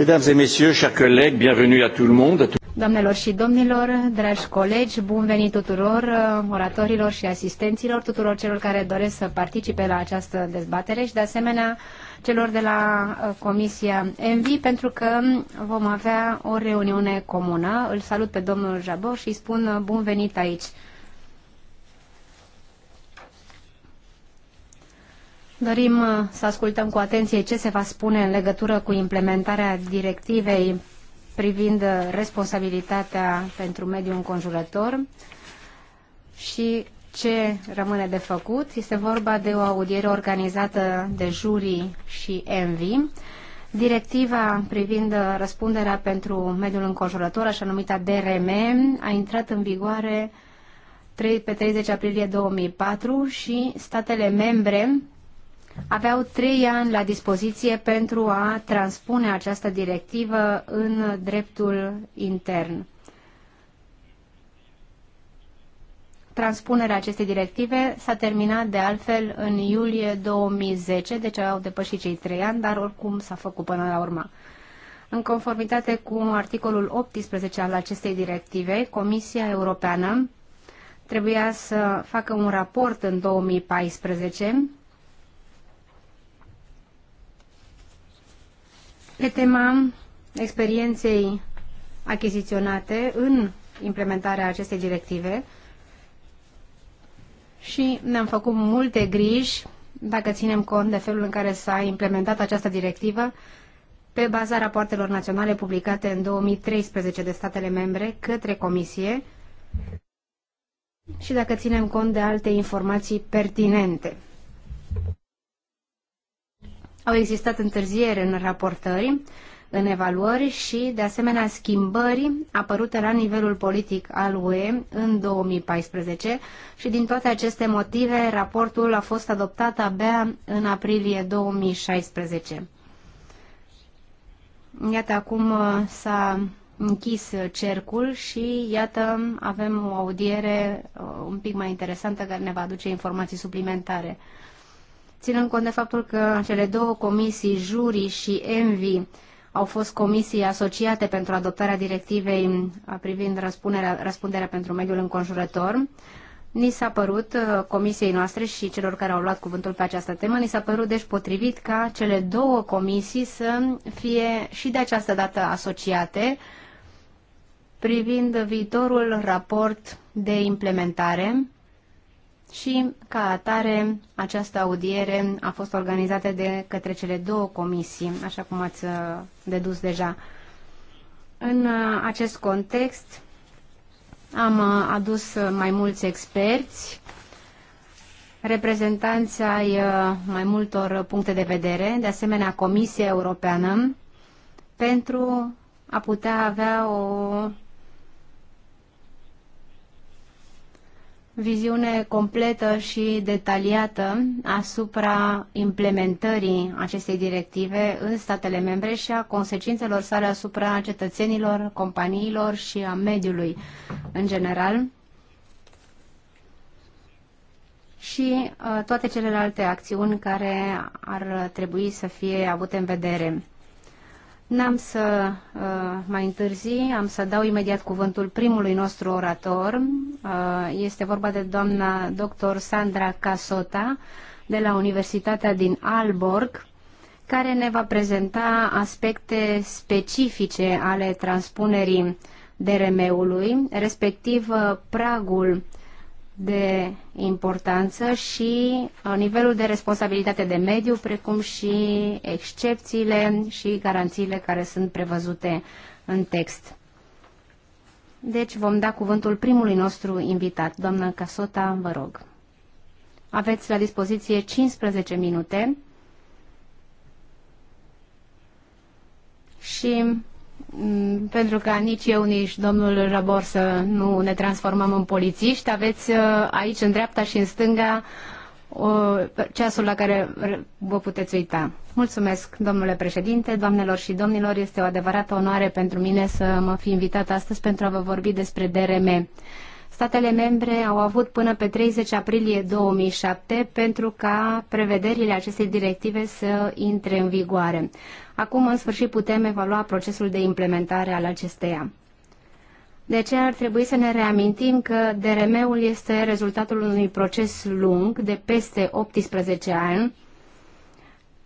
Mesdames et messieurs, chers collègues, bienvenue à tout le monde. Doamnelor și domnilor, dragi colegi, bun venit tuturor uh, oratorilor și asistenților, tuturor celor care doresc să participe la această dezbatere și de asemenea celor de la uh, Comisia ENVI pentru că vom avea o reuniune comună. Îl salut pe domnul Jabor și îi spun uh, bun venit aici. Dorim uh, să ascultăm cu atenție ce se va spune în legătură cu implementarea directivei privind uh, responsabilitatea pentru mediul înconjurător și ce rămâne de făcut. Este vorba de o audiere organizată de jurii și ENVI. Directiva privind uh, răspunderea pentru mediul înconjurător, așa numita DRM, a intrat în vigoare pe 30 aprilie 2004 și statele membre aveau trei ani la dispoziție pentru a transpune această directivă în dreptul intern. Transpunerea acestei directive s-a terminat de altfel în iulie 2010, deci au depășit cei trei ani, dar oricum s-a făcut până la urmă. În conformitate cu articolul 18 al acestei directive, Comisia Europeană trebuia să facă un raport în 2014 pe tema experienței achiziționate în implementarea acestei directive și ne-am făcut multe griji dacă ținem cont de felul în care s-a implementat această directivă pe baza rapoartelor naționale publicate în 2013 de statele membre către Comisie și dacă ținem cont de alte informații pertinente. Au existat întârzieri în raportări, în evaluări și, de asemenea, schimbări apărute la nivelul politic al UE în 2014 și din toate aceste motive raportul a fost adoptat abia în aprilie 2016. Iată, acum uh, s-a închis cercul și iată avem o audiere uh, un pic mai interesantă care ne va aduce informații suplimentare ținând cont de faptul că cele două comisii, Juri și Envi, au fost comisii asociate pentru adoptarea directivei privind răspunderea, răspunderea pentru mediul înconjurător, ni s-a părut uh, comisiei noastre și celor care au luat cuvântul pe această temă, ni s-a părut deci potrivit ca cele două comisii să fie și de această dată asociate privind viitorul raport de implementare și, ca atare, această audiere a fost organizată de către cele două comisii, așa cum ați uh, dedus deja. În uh, acest context am uh, adus mai mulți experți, reprezentanți ai mai multor puncte de vedere, de asemenea Comisia Europeană, pentru a putea avea o viziune completă și detaliată asupra implementării acestei directive în statele membre și a consecințelor sale asupra cetățenilor, companiilor și a mediului în general și uh, toate celelalte acțiuni care ar trebui să fie avute în vedere. N-am să uh, mai întârzi, am să dau imediat cuvântul primului nostru orator. Uh, este vorba de doamna dr. Sandra Casota de la Universitatea din Alborg, care ne va prezenta aspecte specifice ale transpunerii DRM-ului, respectiv uh, pragul de importanță și uh, nivelul de responsabilitate de mediu, precum și excepțiile și garanțiile care sunt prevăzute în text. Deci vom da cuvântul primului nostru invitat. Doamna Casota, vă rog. Aveți la dispoziție 15 minute și Mm, pentru ca nici eu, nici domnul Rabor să nu ne transformăm în polițiști, aveți uh, aici în dreapta și în stânga ceasul la care vă puteți uita. Mulțumesc, domnule președinte, doamnelor și domnilor. Este o adevărată onoare pentru mine să mă fi invitat astăzi pentru a vă vorbi despre DRM. Statele membre au avut până pe 30 aprilie 2007 pentru ca prevederile acestei directive să intre în vigoare. Acum, în sfârșit, putem evalua procesul de implementare al acesteia. De aceea ar trebui să ne reamintim că DRM-ul este rezultatul unui proces lung de peste 18 ani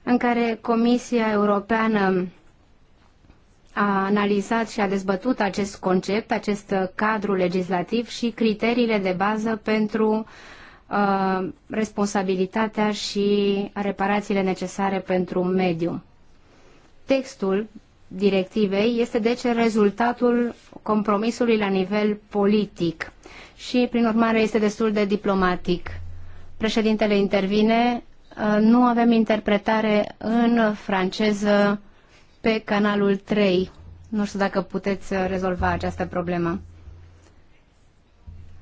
în care Comisia Europeană a analizat și a dezbătut acest concept, acest cadru legislativ și criteriile de bază pentru uh, responsabilitatea și reparațiile necesare pentru mediu. Textul directivei este deci rezultatul compromisului la nivel politic și, prin urmare, este destul de diplomatic. Președintele intervine, uh, nu avem interpretare în franceză, pe canalul 3. Nu știu dacă puteți uh, rezolva această problemă.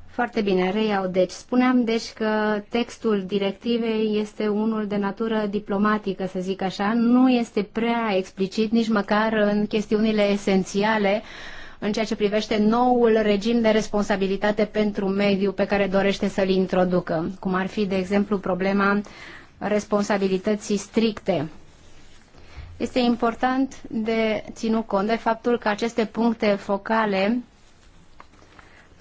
Foarte bine, reiau. Deci, spuneam deci că textul directivei este unul de natură diplomatică, să zic așa. Nu este prea explicit nici măcar în chestiunile esențiale în ceea ce privește noul regim de responsabilitate pentru mediu pe care dorește să-l introducă, cum ar fi, de exemplu, problema responsabilității stricte este important de ținut cont de faptul că aceste puncte focale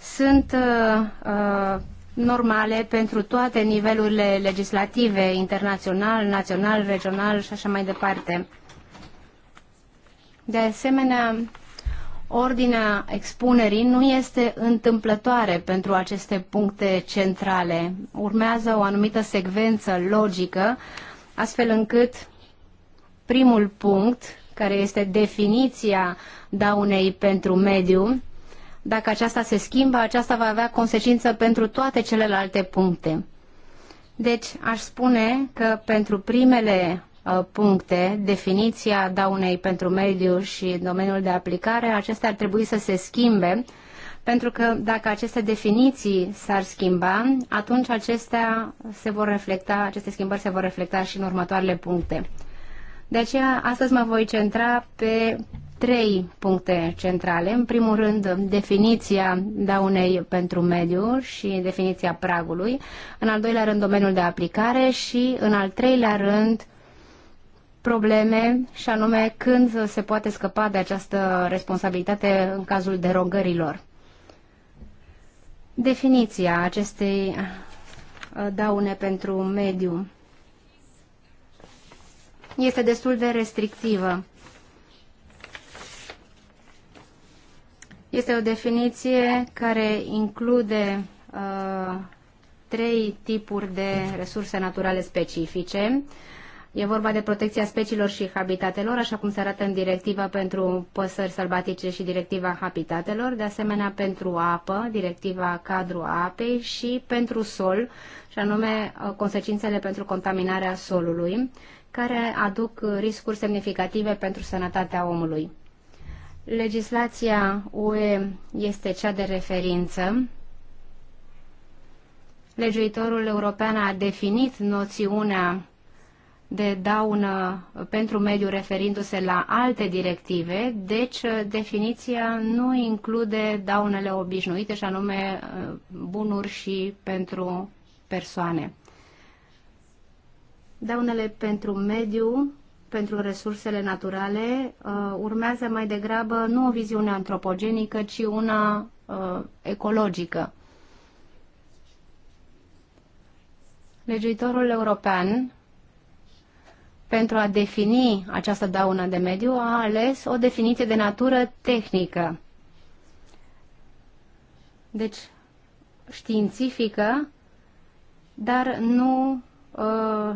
sunt uh, uh, normale pentru toate nivelurile legislative, internațional, național, regional și așa mai departe. De asemenea, ordinea expunerii nu este întâmplătoare pentru aceste puncte centrale. Urmează o anumită secvență logică, astfel încât primul punct, care este definiția daunei pentru mediu, dacă aceasta se schimbă, aceasta va avea consecință pentru toate celelalte puncte. Deci, aș spune că pentru primele uh, puncte, definiția daunei pentru mediu și domeniul de aplicare, acestea ar trebui să se schimbe, pentru că dacă aceste definiții s-ar schimba, atunci acestea se vor reflecta, aceste schimbări se vor reflecta și în următoarele puncte. De aceea, astăzi mă voi centra pe trei puncte centrale. În primul rând, definiția daunei pentru mediu și definiția pragului. În al doilea rând, domeniul de aplicare și, în al treilea rând, probleme și anume când se poate scăpa de această responsabilitate în cazul derogărilor. Definiția acestei uh, daune pentru mediu este destul de restrictivă. Este o definiție care include uh, trei tipuri de resurse naturale specifice. E vorba de protecția speciilor și habitatelor, așa cum se arată în directiva pentru păsări sălbatice și directiva habitatelor, de asemenea pentru apă, directiva cadru apei și pentru sol, și anume uh, consecințele pentru contaminarea solului care aduc riscuri semnificative pentru sănătatea omului. Legislația UE este cea de referință. Legiuitorul european a definit noțiunea de daună pentru mediu referindu-se la alte directive, deci uh, definiția nu include daunele obișnuite, și anume uh, bunuri și pentru persoane. Daunele pentru mediu, pentru resursele naturale, uh, urmează mai degrabă nu o viziune antropogenică, ci una uh, ecologică. Legiuitorul european, pentru a defini această daună de mediu, a ales o definiție de natură tehnică. Deci, științifică, dar nu uh,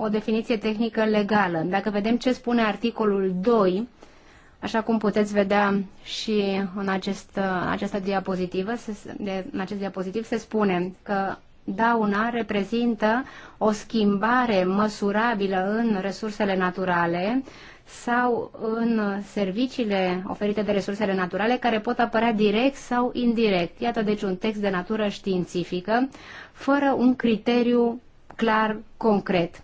o definiție tehnică legală. Dacă vedem ce spune articolul 2, așa cum puteți vedea și în, acest, în această diapozitivă, se, de, în acest diapozitiv se spune că dauna reprezintă o schimbare măsurabilă în resursele naturale sau în serviciile oferite de resursele naturale care pot apărea direct sau indirect. Iată deci un text de natură științifică fără un criteriu clar, concret.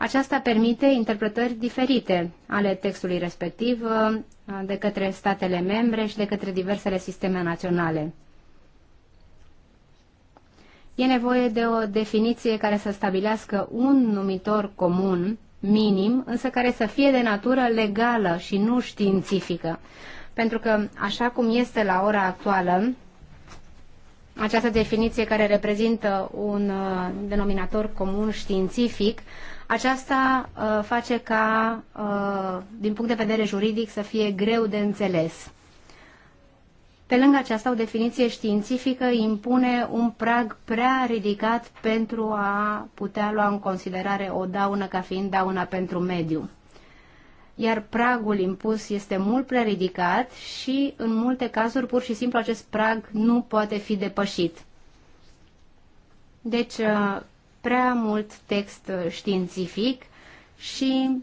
Aceasta permite interpretări diferite ale textului respectiv uh, de către statele membre și de către diversele sisteme naționale. E nevoie de o definiție care să stabilească un numitor comun minim, însă care să fie de natură legală și nu științifică. Pentru că, așa cum este la ora actuală, această definiție care reprezintă un uh, denominator comun științific aceasta uh, face ca, uh, din punct de vedere juridic, să fie greu de înțeles. Pe lângă aceasta, o definiție științifică impune un prag prea ridicat pentru a putea lua în considerare o daună ca fiind dauna pentru mediu. Iar pragul impus este mult prea ridicat și, în multe cazuri, pur și simplu acest prag nu poate fi depășit. Deci, uh, prea mult text uh, științific și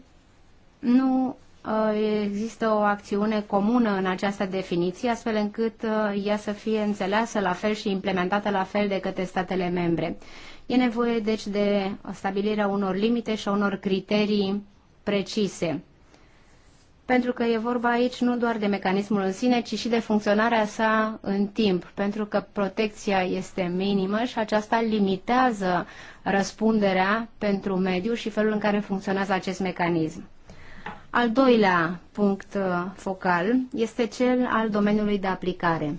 nu uh, există o acțiune comună în această definiție, astfel încât uh, ea să fie înțeleasă la fel și implementată la fel de către statele membre. E nevoie, deci, de stabilirea unor limite și a unor criterii precise pentru că e vorba aici nu doar de mecanismul în sine, ci și de funcționarea sa în timp, pentru că protecția este minimă și aceasta limitează răspunderea pentru mediu și felul în care funcționează acest mecanism. Al doilea punct uh, focal este cel al domeniului de aplicare.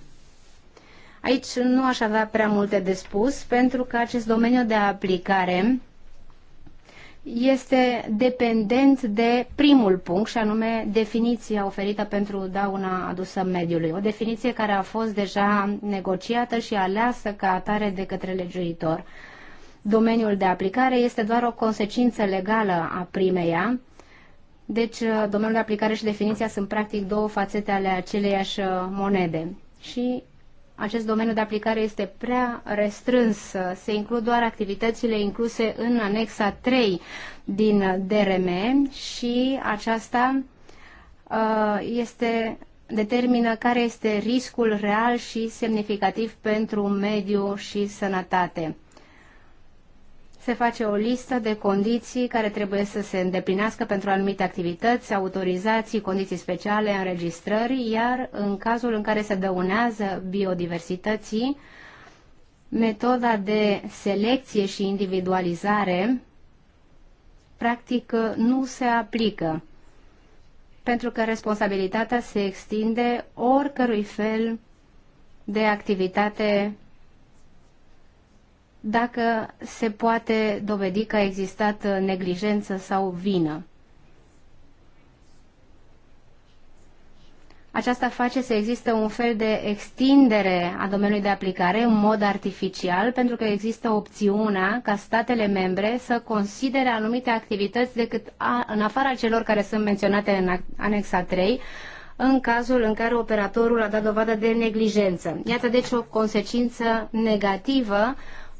Aici nu aș avea prea multe de spus, pentru că acest domeniu de aplicare este dependent de primul punct, și anume definiția oferită pentru dauna adusă mediului. O definiție care a fost deja negociată și aleasă ca atare de către legiuitor. Domeniul de aplicare este doar o consecință legală a primeia, deci domeniul de aplicare și definiția sunt practic două fațete ale aceleiași monede. Și acest domeniu de aplicare este prea restrâns. Se includ doar activitățile incluse în anexa 3 din DRM și aceasta uh, este determină care este riscul real și semnificativ pentru mediu și sănătate se face o listă de condiții care trebuie să se îndeplinească pentru anumite activități, autorizații, condiții speciale, înregistrări, iar în cazul în care se dăunează biodiversității, metoda de selecție și individualizare practic nu se aplică, pentru că responsabilitatea se extinde oricărui fel de activitate dacă se poate dovedi că a existat uh, neglijență sau vină. Aceasta face să existe un fel de extindere a domeniului de aplicare în mod artificial, pentru că există opțiunea ca statele membre să considere anumite activități decât a, în afara celor care sunt menționate în anexa 3, în cazul în care operatorul a dat dovadă de neglijență. Iată deci o consecință negativă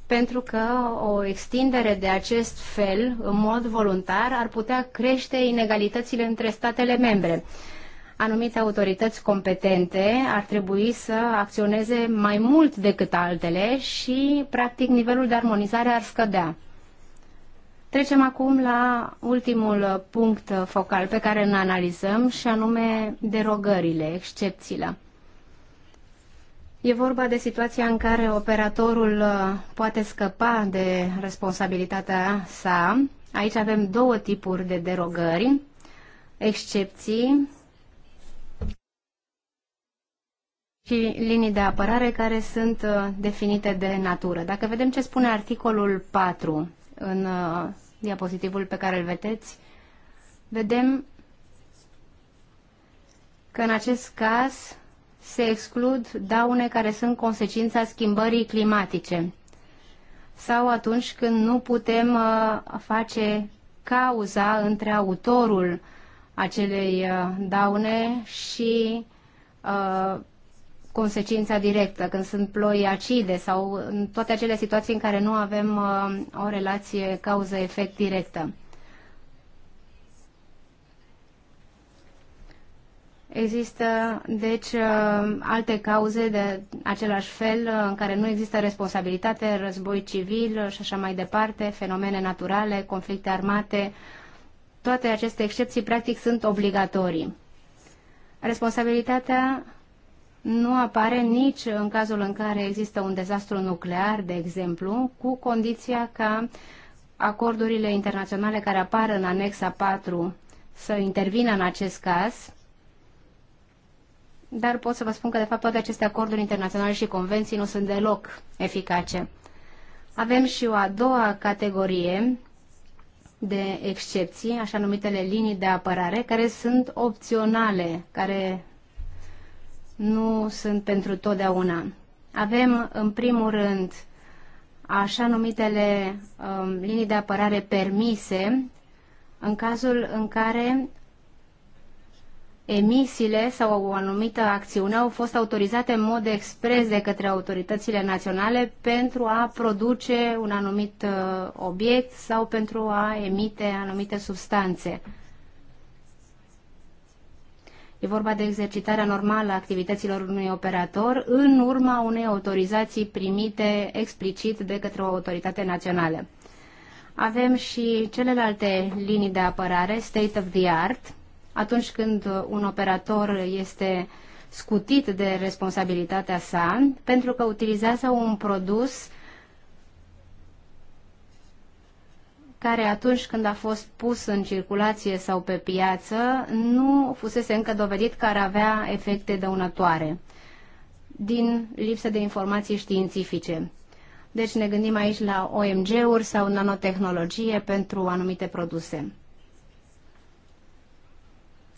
pentru că o extindere de acest fel, în mod voluntar, ar putea crește inegalitățile între statele membre. Anumite autorități competente ar trebui să acționeze mai mult decât altele și, practic, nivelul de armonizare ar scădea. Trecem acum la ultimul punct focal pe care îl analizăm și anume derogările, excepțiile. E vorba de situația în care operatorul uh, poate scăpa de responsabilitatea sa. Aici avem două tipuri de derogări, excepții și linii de apărare care sunt uh, definite de natură. Dacă vedem ce spune articolul 4 în uh, diapozitivul pe care îl vedeți, vedem că în acest caz se exclud daune care sunt consecința schimbării climatice sau atunci când nu putem uh, face cauza între autorul acelei uh, daune și uh, consecința directă, când sunt ploi acide sau în toate acele situații în care nu avem o relație cauză-efect directă. Există, deci, uh, alte cauze de același fel uh, în care nu există responsabilitate, război civil și așa mai departe, fenomene naturale, conflicte armate. Toate aceste excepții, practic, sunt obligatorii. Responsabilitatea nu apare nici în cazul în care există un dezastru nuclear, de exemplu, cu condiția ca acordurile internaționale care apar în anexa 4 să intervină în acest caz dar pot să vă spun că, de fapt, toate aceste acorduri internaționale și convenții nu sunt deloc eficace. Avem și o a doua categorie de excepții, așa numitele linii de apărare, care sunt opționale, care nu sunt pentru totdeauna. Avem, în primul rând, așa numitele um, linii de apărare permise, în cazul în care emisiile sau o anumită acțiune au fost autorizate în mod expres de către autoritățile naționale pentru a produce un anumit uh, obiect sau pentru a emite anumite substanțe. E vorba de exercitarea normală a activităților unui operator în urma unei autorizații primite explicit de către o autoritate națională. Avem și celelalte linii de apărare, state of the art, atunci când un operator este scutit de responsabilitatea sa pentru că utilizează un produs care atunci când a fost pus în circulație sau pe piață nu fusese încă dovedit că ar avea efecte dăunătoare din lipsă de informații științifice. Deci ne gândim aici la OMG-uri sau nanotehnologie pentru anumite produse.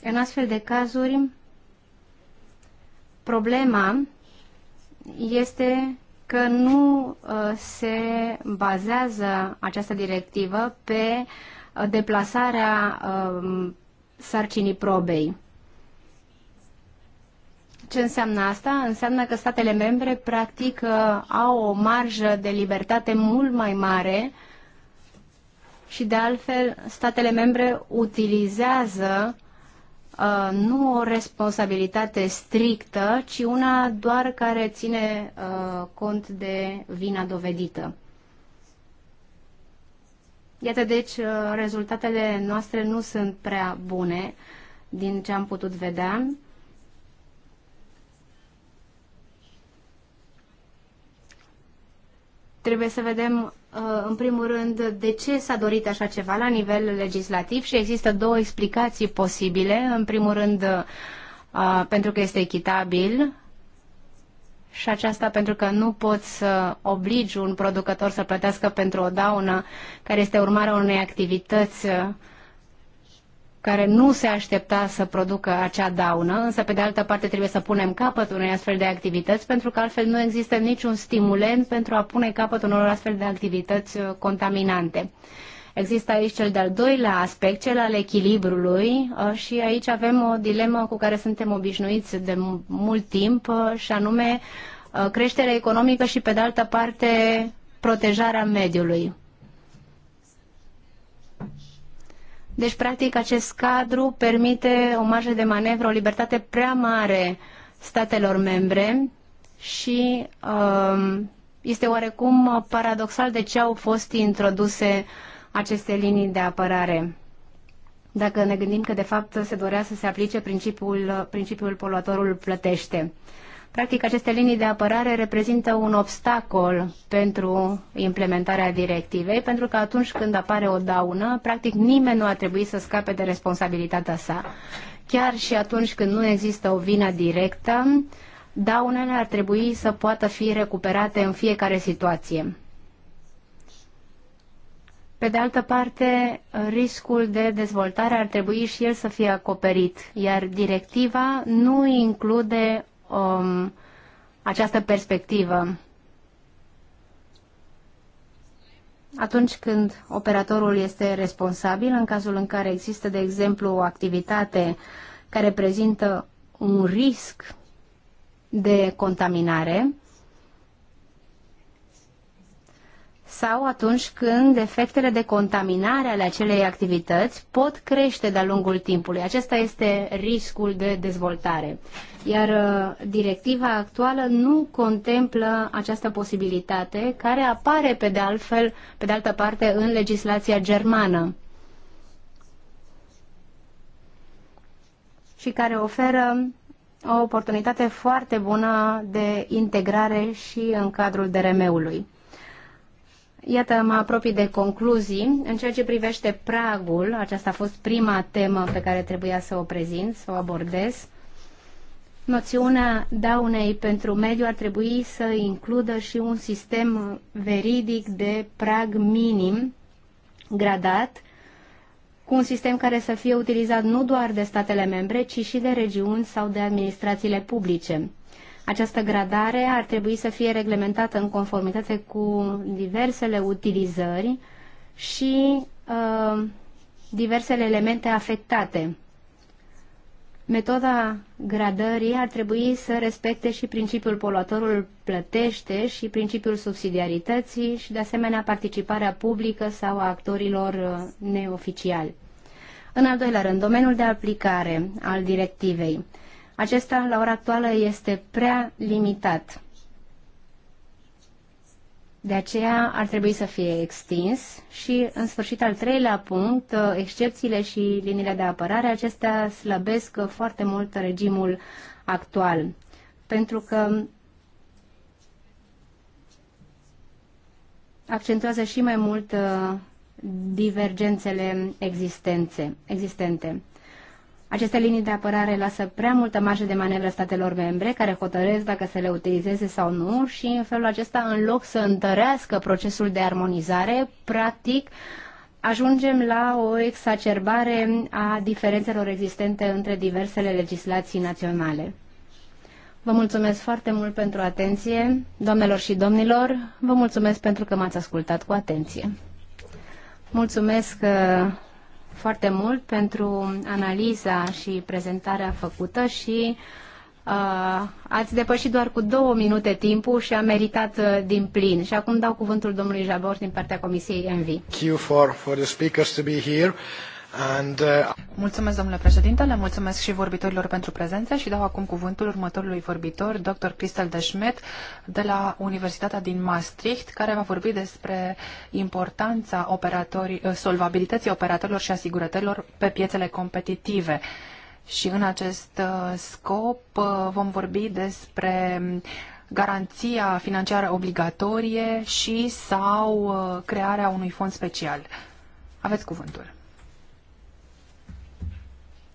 În astfel de cazuri, problema este că nu uh, se bazează această directivă pe uh, deplasarea um, sarcinii probei. Ce înseamnă asta? Înseamnă că statele membre, practic, uh, au o marjă de libertate mult mai mare și, de altfel, statele membre utilizează uh, Uh, nu o responsabilitate strictă, ci una doar care ține uh, cont de vina dovedită. Iată, deci, uh, rezultatele noastre nu sunt prea bune din ce am putut vedea. Trebuie să vedem Uh, în primul rând, de ce s-a dorit așa ceva la nivel legislativ și există două explicații posibile. În primul rând, uh, pentru că este echitabil și aceasta pentru că nu poți să obligi un producător să plătească pentru o daună care este urmarea unei activități uh, care nu se aștepta să producă acea daună, însă pe de altă parte trebuie să punem capăt unei astfel de activități, pentru că altfel nu există niciun stimulent pentru a pune capăt unor astfel de activități uh, contaminante. Există aici cel de-al doilea aspect, cel al echilibrului uh, și aici avem o dilemă cu care suntem obișnuiți de mult timp uh, și anume creșterea economică și pe de altă parte protejarea mediului. Deci, practic, acest cadru permite o marjă de manevră, o libertate prea mare statelor membre și um, este oarecum paradoxal de ce au fost introduse aceste linii de apărare. Dacă ne gândim că, de fapt, se dorea să se aplice principiul, principiul poluatorul plătește. Uh, Practic, aceste linii de apărare reprezintă un obstacol pentru implementarea directivei, pentru că atunci când apare o daună, practic nimeni nu ar trebui să scape de responsabilitatea sa. Chiar și atunci când nu există o vină directă, daunele ar trebui să poată fi recuperate în fiecare situație. Pe de altă parte, riscul de dezvoltare ar trebui și el să fie acoperit, iar directiva nu include um, această perspectivă. Atunci când operatorul este responsabil, în cazul în care există, de exemplu, o activitate care prezintă un risc de contaminare, sau atunci când efectele de contaminare ale acelei activități pot crește de-a lungul timpului. Acesta este riscul de dezvoltare. Iar uh, directiva actuală nu contemplă această posibilitate care apare pe de altfel, pe de altă parte, în legislația germană. și care oferă o oportunitate foarte bună de integrare și în cadrul DRM-ului. Iată, mă apropii de concluzii. În ceea ce privește pragul, aceasta a fost prima temă pe care trebuia să o prezint, să o abordez. Noțiunea daunei pentru mediu ar trebui să includă și un sistem veridic de prag minim gradat, cu un sistem care să fie utilizat nu doar de statele membre, ci și de regiuni sau de administrațiile publice. Această gradare ar trebui să fie reglementată în conformitate cu diversele utilizări și uh, diversele elemente afectate. Metoda gradării ar trebui să respecte și principiul poluatorul plătește și principiul subsidiarității și de asemenea participarea publică sau a actorilor uh, neoficiali. În al doilea rând, domeniul de aplicare al directivei. Acesta, la ora actuală, este prea limitat. De aceea ar trebui să fie extins și, în sfârșit, al treilea punct, excepțiile și liniile de apărare, acestea slăbesc foarte mult regimul actual. Pentru că accentuează și mai mult uh, divergențele existențe, existente. Aceste linii de apărare lasă prea multă marjă de manevră statelor membre care hotărăsc dacă să le utilizeze sau nu și în felul acesta, în loc să întărească procesul de armonizare, practic ajungem la o exacerbare a diferențelor existente între diversele legislații naționale. Vă mulțumesc foarte mult pentru atenție, doamnelor și domnilor, vă mulțumesc pentru că m-ați ascultat cu atenție. Mulțumesc uh, foarte mult pentru analiza și prezentarea făcută și uh, ați depășit doar cu două minute timpul și a meritat uh, din plin. Și acum dau cuvântul domnului Jabor din partea Comisiei MV. Thank you for, for the speakers to be here. And, uh... Mulțumesc, domnule președinte, le mulțumesc și vorbitorilor pentru prezență și dau acum cuvântul următorului vorbitor, dr. Cristel de Schmidt, de la Universitatea din Maastricht, care va vorbi despre importanța operatori, uh, solvabilității operatorilor și asigurătorilor pe piețele competitive. Și în acest uh, scop uh, vom vorbi despre garanția financiară obligatorie și sau crearea unui fond special. Aveți cuvântul.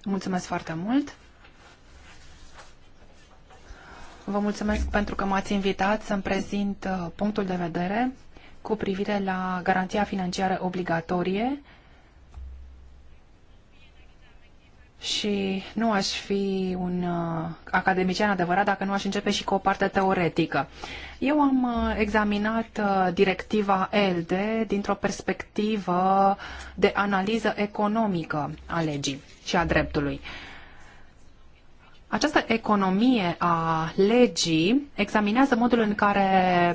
Mulțumesc foarte mult. Vă mulțumesc pentru că m-ați invitat să-mi prezint uh, punctul de vedere cu privire la garanția financiară obligatorie și nu aș fi un uh, academician adevărat dacă nu aș începe și cu o parte teoretică. Eu am uh, examinat uh, directiva ELDE dintr-o perspectivă de analiză economică a legii și a dreptului. Această economie a legii examinează modul în care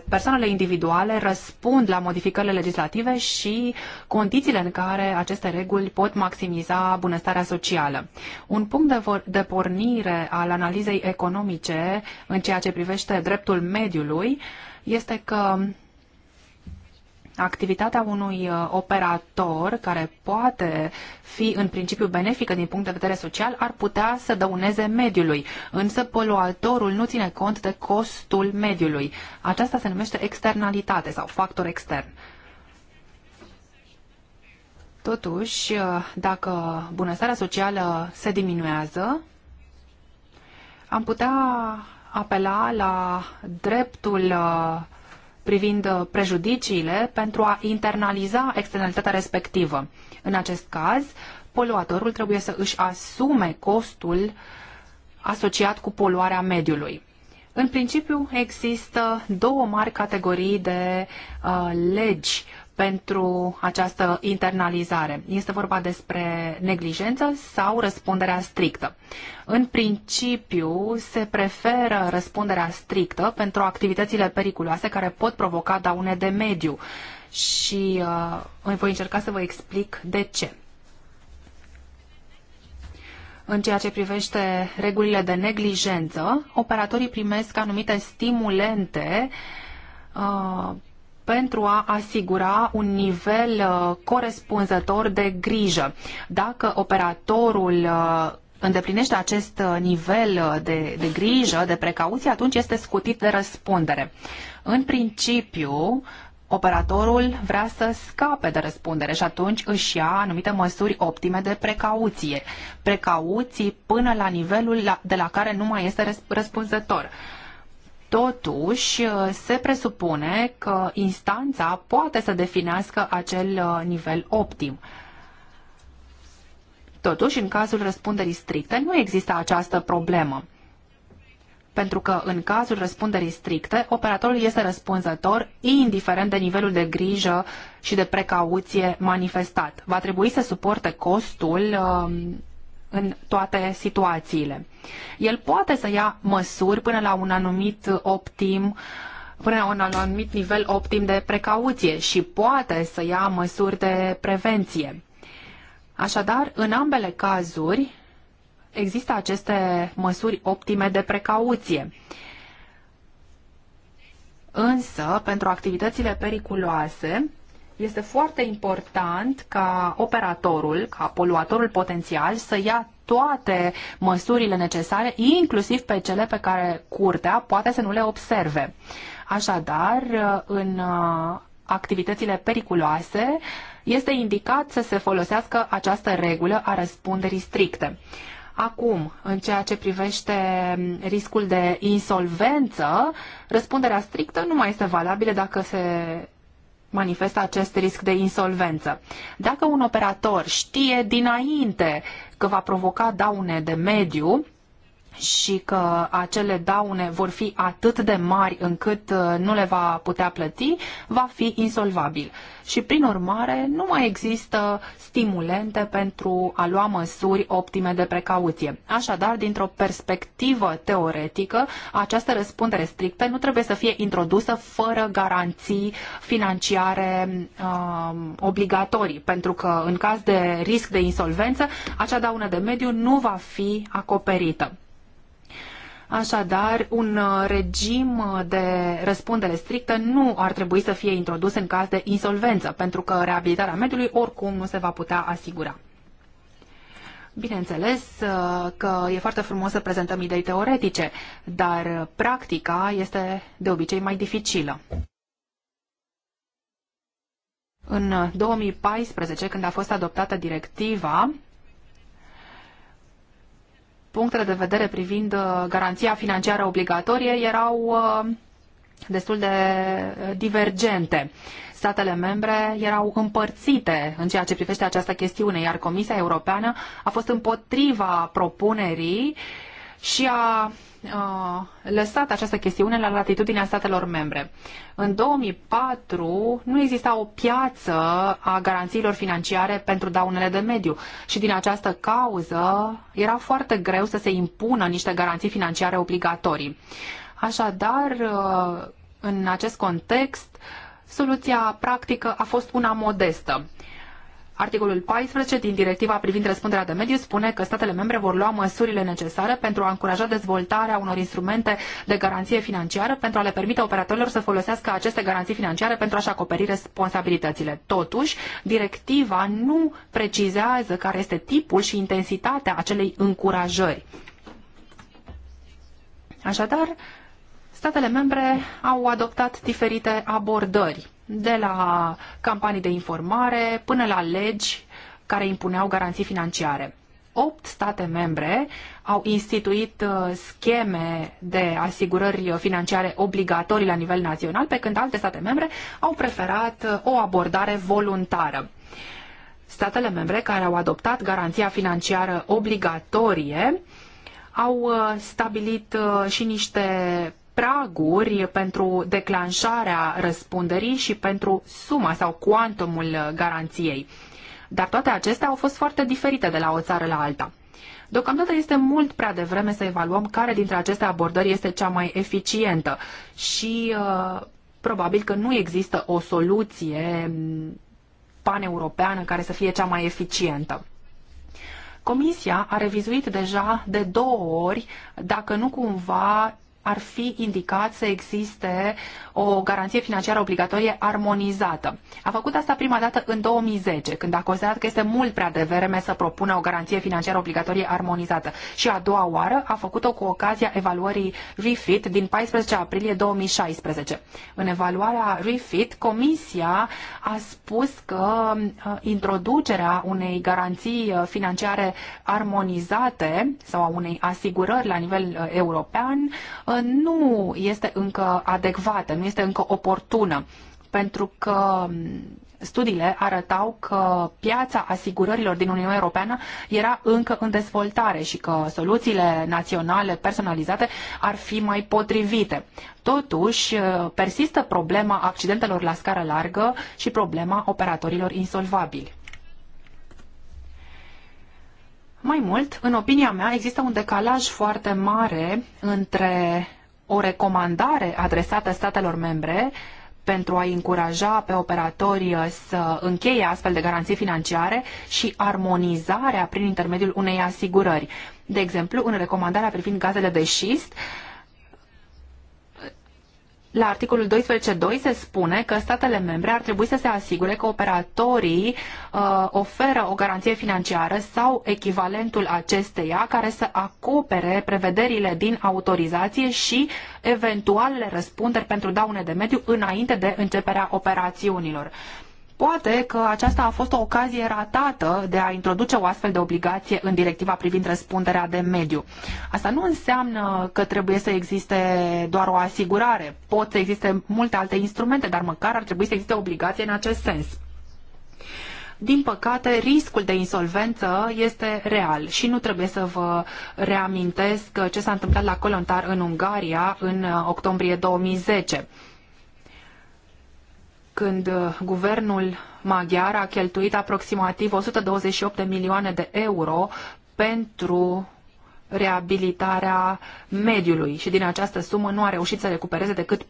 persoanele individuale răspund la modificările legislative și condițiile în care aceste reguli pot maximiza bunăstarea socială. Un punct de, de pornire al analizei economice în ceea ce privește dreptul mediului este că activitatea unui uh, operator care poate fi în principiu benefică din punct de vedere social ar putea să dăuneze mediului, însă poluatorul nu ține cont de costul mediului. Aceasta se numește externalitate sau factor extern. Totuși, uh, dacă bunăstarea socială se diminuează, am putea apela la dreptul uh, privind uh, prejudiciile pentru a internaliza externalitatea respectivă. În acest caz, poluatorul trebuie să își asume costul asociat cu poluarea mediului. În principiu, există două mari categorii de uh, legi uh, pentru această internalizare. Este vorba despre neglijență sau răspunderea strictă. În principiu, se preferă răspunderea strictă pentru activitățile periculoase care pot provoca daune de mediu și uh, voi încerca să vă explic de ce. În ceea ce privește regulile de neglijență, operatorii primesc anumite stimulente uh, pentru a asigura un nivel uh, corespunzător de grijă. Dacă operatorul uh, îndeplinește acest uh, nivel de, de grijă, de precauție, atunci este scutit de răspundere. În principiu, operatorul vrea să scape de răspundere și atunci își ia anumite măsuri optime de precauție. Precauții până la nivelul la, de la care nu mai este răspunzător. Totuși, uh, se presupune că instanța poate să definească acel uh, nivel optim. Totuși, în cazul răspunderii stricte, nu există această problemă. Pentru că, în cazul răspunderii stricte, operatorul este răspunzător indiferent de nivelul de grijă și de precauție manifestat. Va trebui să suporte costul uh, în toate situațiile. El poate să ia măsuri până la un anumit optim până la un anumit nivel optim de precauție și poate să ia măsuri de prevenție. Așadar, în ambele cazuri există aceste măsuri optime de precauție. Însă, pentru activitățile periculoase, este foarte important ca operatorul, ca poluatorul potențial să ia toate măsurile necesare, inclusiv pe cele pe care curtea poate să nu le observe. Așadar, în uh, activitățile periculoase, este indicat să se folosească această regulă a răspunderii stricte. Acum, în ceea ce privește um, riscul de insolvență, răspunderea strictă nu mai este valabilă dacă se manifestă acest risc de insolvență. Dacă un operator știe dinainte că va provoca daune de mediu, și că acele daune vor fi atât de mari încât uh, nu le va putea plăti, va fi insolvabil. Și prin urmare nu mai există stimulente pentru a lua măsuri optime de precauție. Așadar, dintr-o perspectivă teoretică, această răspundere strictă nu trebuie să fie introdusă fără garanții financiare uh, obligatorii, pentru că în caz de risc de insolvență, acea daună de mediu nu va fi acoperită. Așadar, un uh, regim uh, de răspundere strictă nu ar trebui să fie introdus în caz de insolvență, pentru că reabilitarea mediului oricum nu se va putea asigura. Bineînțeles uh, că e foarte frumos să prezentăm idei teoretice, dar practica este de obicei mai dificilă. În 2014, când a fost adoptată directiva, punctele de vedere privind uh, garanția financiară obligatorie erau uh, destul de uh, divergente. Statele membre erau împărțite în ceea ce privește această chestiune, iar Comisia Europeană a fost împotriva propunerii și a Uh, lăsat această chestiune la latitudinea statelor membre. În 2004 nu exista o piață a garanțiilor financiare pentru daunele de mediu și din această cauză era foarte greu să se impună niște garanții financiare obligatorii. Așadar, uh, în acest context, soluția practică a fost una modestă Articolul 14 din directiva privind răspunderea de mediu spune că statele membre vor lua măsurile necesare pentru a încuraja dezvoltarea unor instrumente de garanție financiară pentru a le permite operatorilor să folosească aceste garanții financiare pentru a-și acoperi responsabilitățile. Totuși, directiva nu precizează care este tipul și intensitatea acelei încurajări. Așadar, statele membre au adoptat diferite abordări, de la campanii de informare până la legi care impuneau garanții financiare. Opt state membre au instituit uh, scheme de asigurări financiare obligatorii la nivel național, pe când alte state membre au preferat uh, o abordare voluntară. Statele membre care au adoptat garanția financiară obligatorie au uh, stabilit și niște praguri pentru declanșarea răspunderii și pentru suma sau cuantumul garanției. Dar toate acestea au fost foarte diferite de la o țară la alta. Deocamdată este mult prea devreme să evaluăm care dintre aceste abordări este cea mai eficientă și uh, probabil că nu există o soluție paneuropeană care să fie cea mai eficientă. Comisia a revizuit deja de două ori dacă nu cumva ar fi indicat să existe o garanție financiară obligatorie armonizată. A făcut asta prima dată în 2010, când a considerat că este mult prea devreme să propună o garanție financiară obligatorie armonizată. Și a doua oară a făcut-o cu ocazia evaluării REFIT din 14 aprilie 2016. În evaluarea REFIT, Comisia a spus că uh, introducerea unei garanții uh, financiare armonizate sau a unei asigurări la nivel uh, european nu este încă adecvată, nu este încă oportună, pentru că studiile arătau că piața asigurărilor din Uniunea Europeană era încă în dezvoltare și că soluțiile naționale personalizate ar fi mai potrivite. Totuși, persistă problema accidentelor la scară largă și problema operatorilor insolvabili. Mai mult, în opinia mea, există un decalaj foarte mare între o recomandare adresată statelor membre pentru a încuraja pe operatori uh, să încheie astfel de garanții financiare și armonizarea prin intermediul unei asigurări. De exemplu, în recomandarea privind gazele de șist, la articolul 12.2 se spune că statele membre ar trebui să se asigure că operatorii uh, oferă o garanție financiară sau echivalentul acesteia care să acopere prevederile din autorizație și eventualele răspunderi pentru daune de mediu înainte de începerea operațiunilor. Uh, Poate că aceasta a fost o ocazie ratată de a introduce o astfel de obligație în directiva privind răspunderea de mediu. Asta nu înseamnă că trebuie să existe doar o asigurare. Pot să existe multe alte instrumente, dar măcar ar trebui să existe obligație în acest sens. Din păcate, riscul de insolvență este real și nu trebuie să vă reamintesc ce s-a întâmplat la Colontar în Ungaria în uh, octombrie 2010 când uh, guvernul maghiar a cheltuit aproximativ 128 de milioane de euro pentru reabilitarea mediului și din această sumă nu a reușit să recupereze decât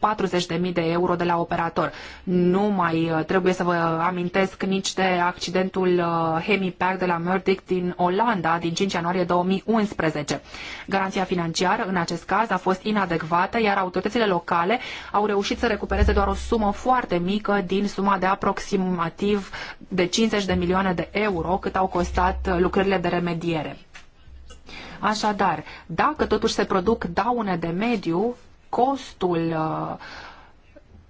40.000 de euro de la operator. Nu mai uh, trebuie să vă amintesc nici de accidentul uh, Hemipack de la Murdic din Olanda din 5 ianuarie 2011. Garanția financiară în acest caz a fost inadecvată, iar autoritățile locale au reușit să recupereze doar o sumă foarte mică din suma de aproximativ de 50 de milioane de euro cât au costat uh, lucrările de remediere. Așadar, dacă totuși se produc daune de mediu, costul uh,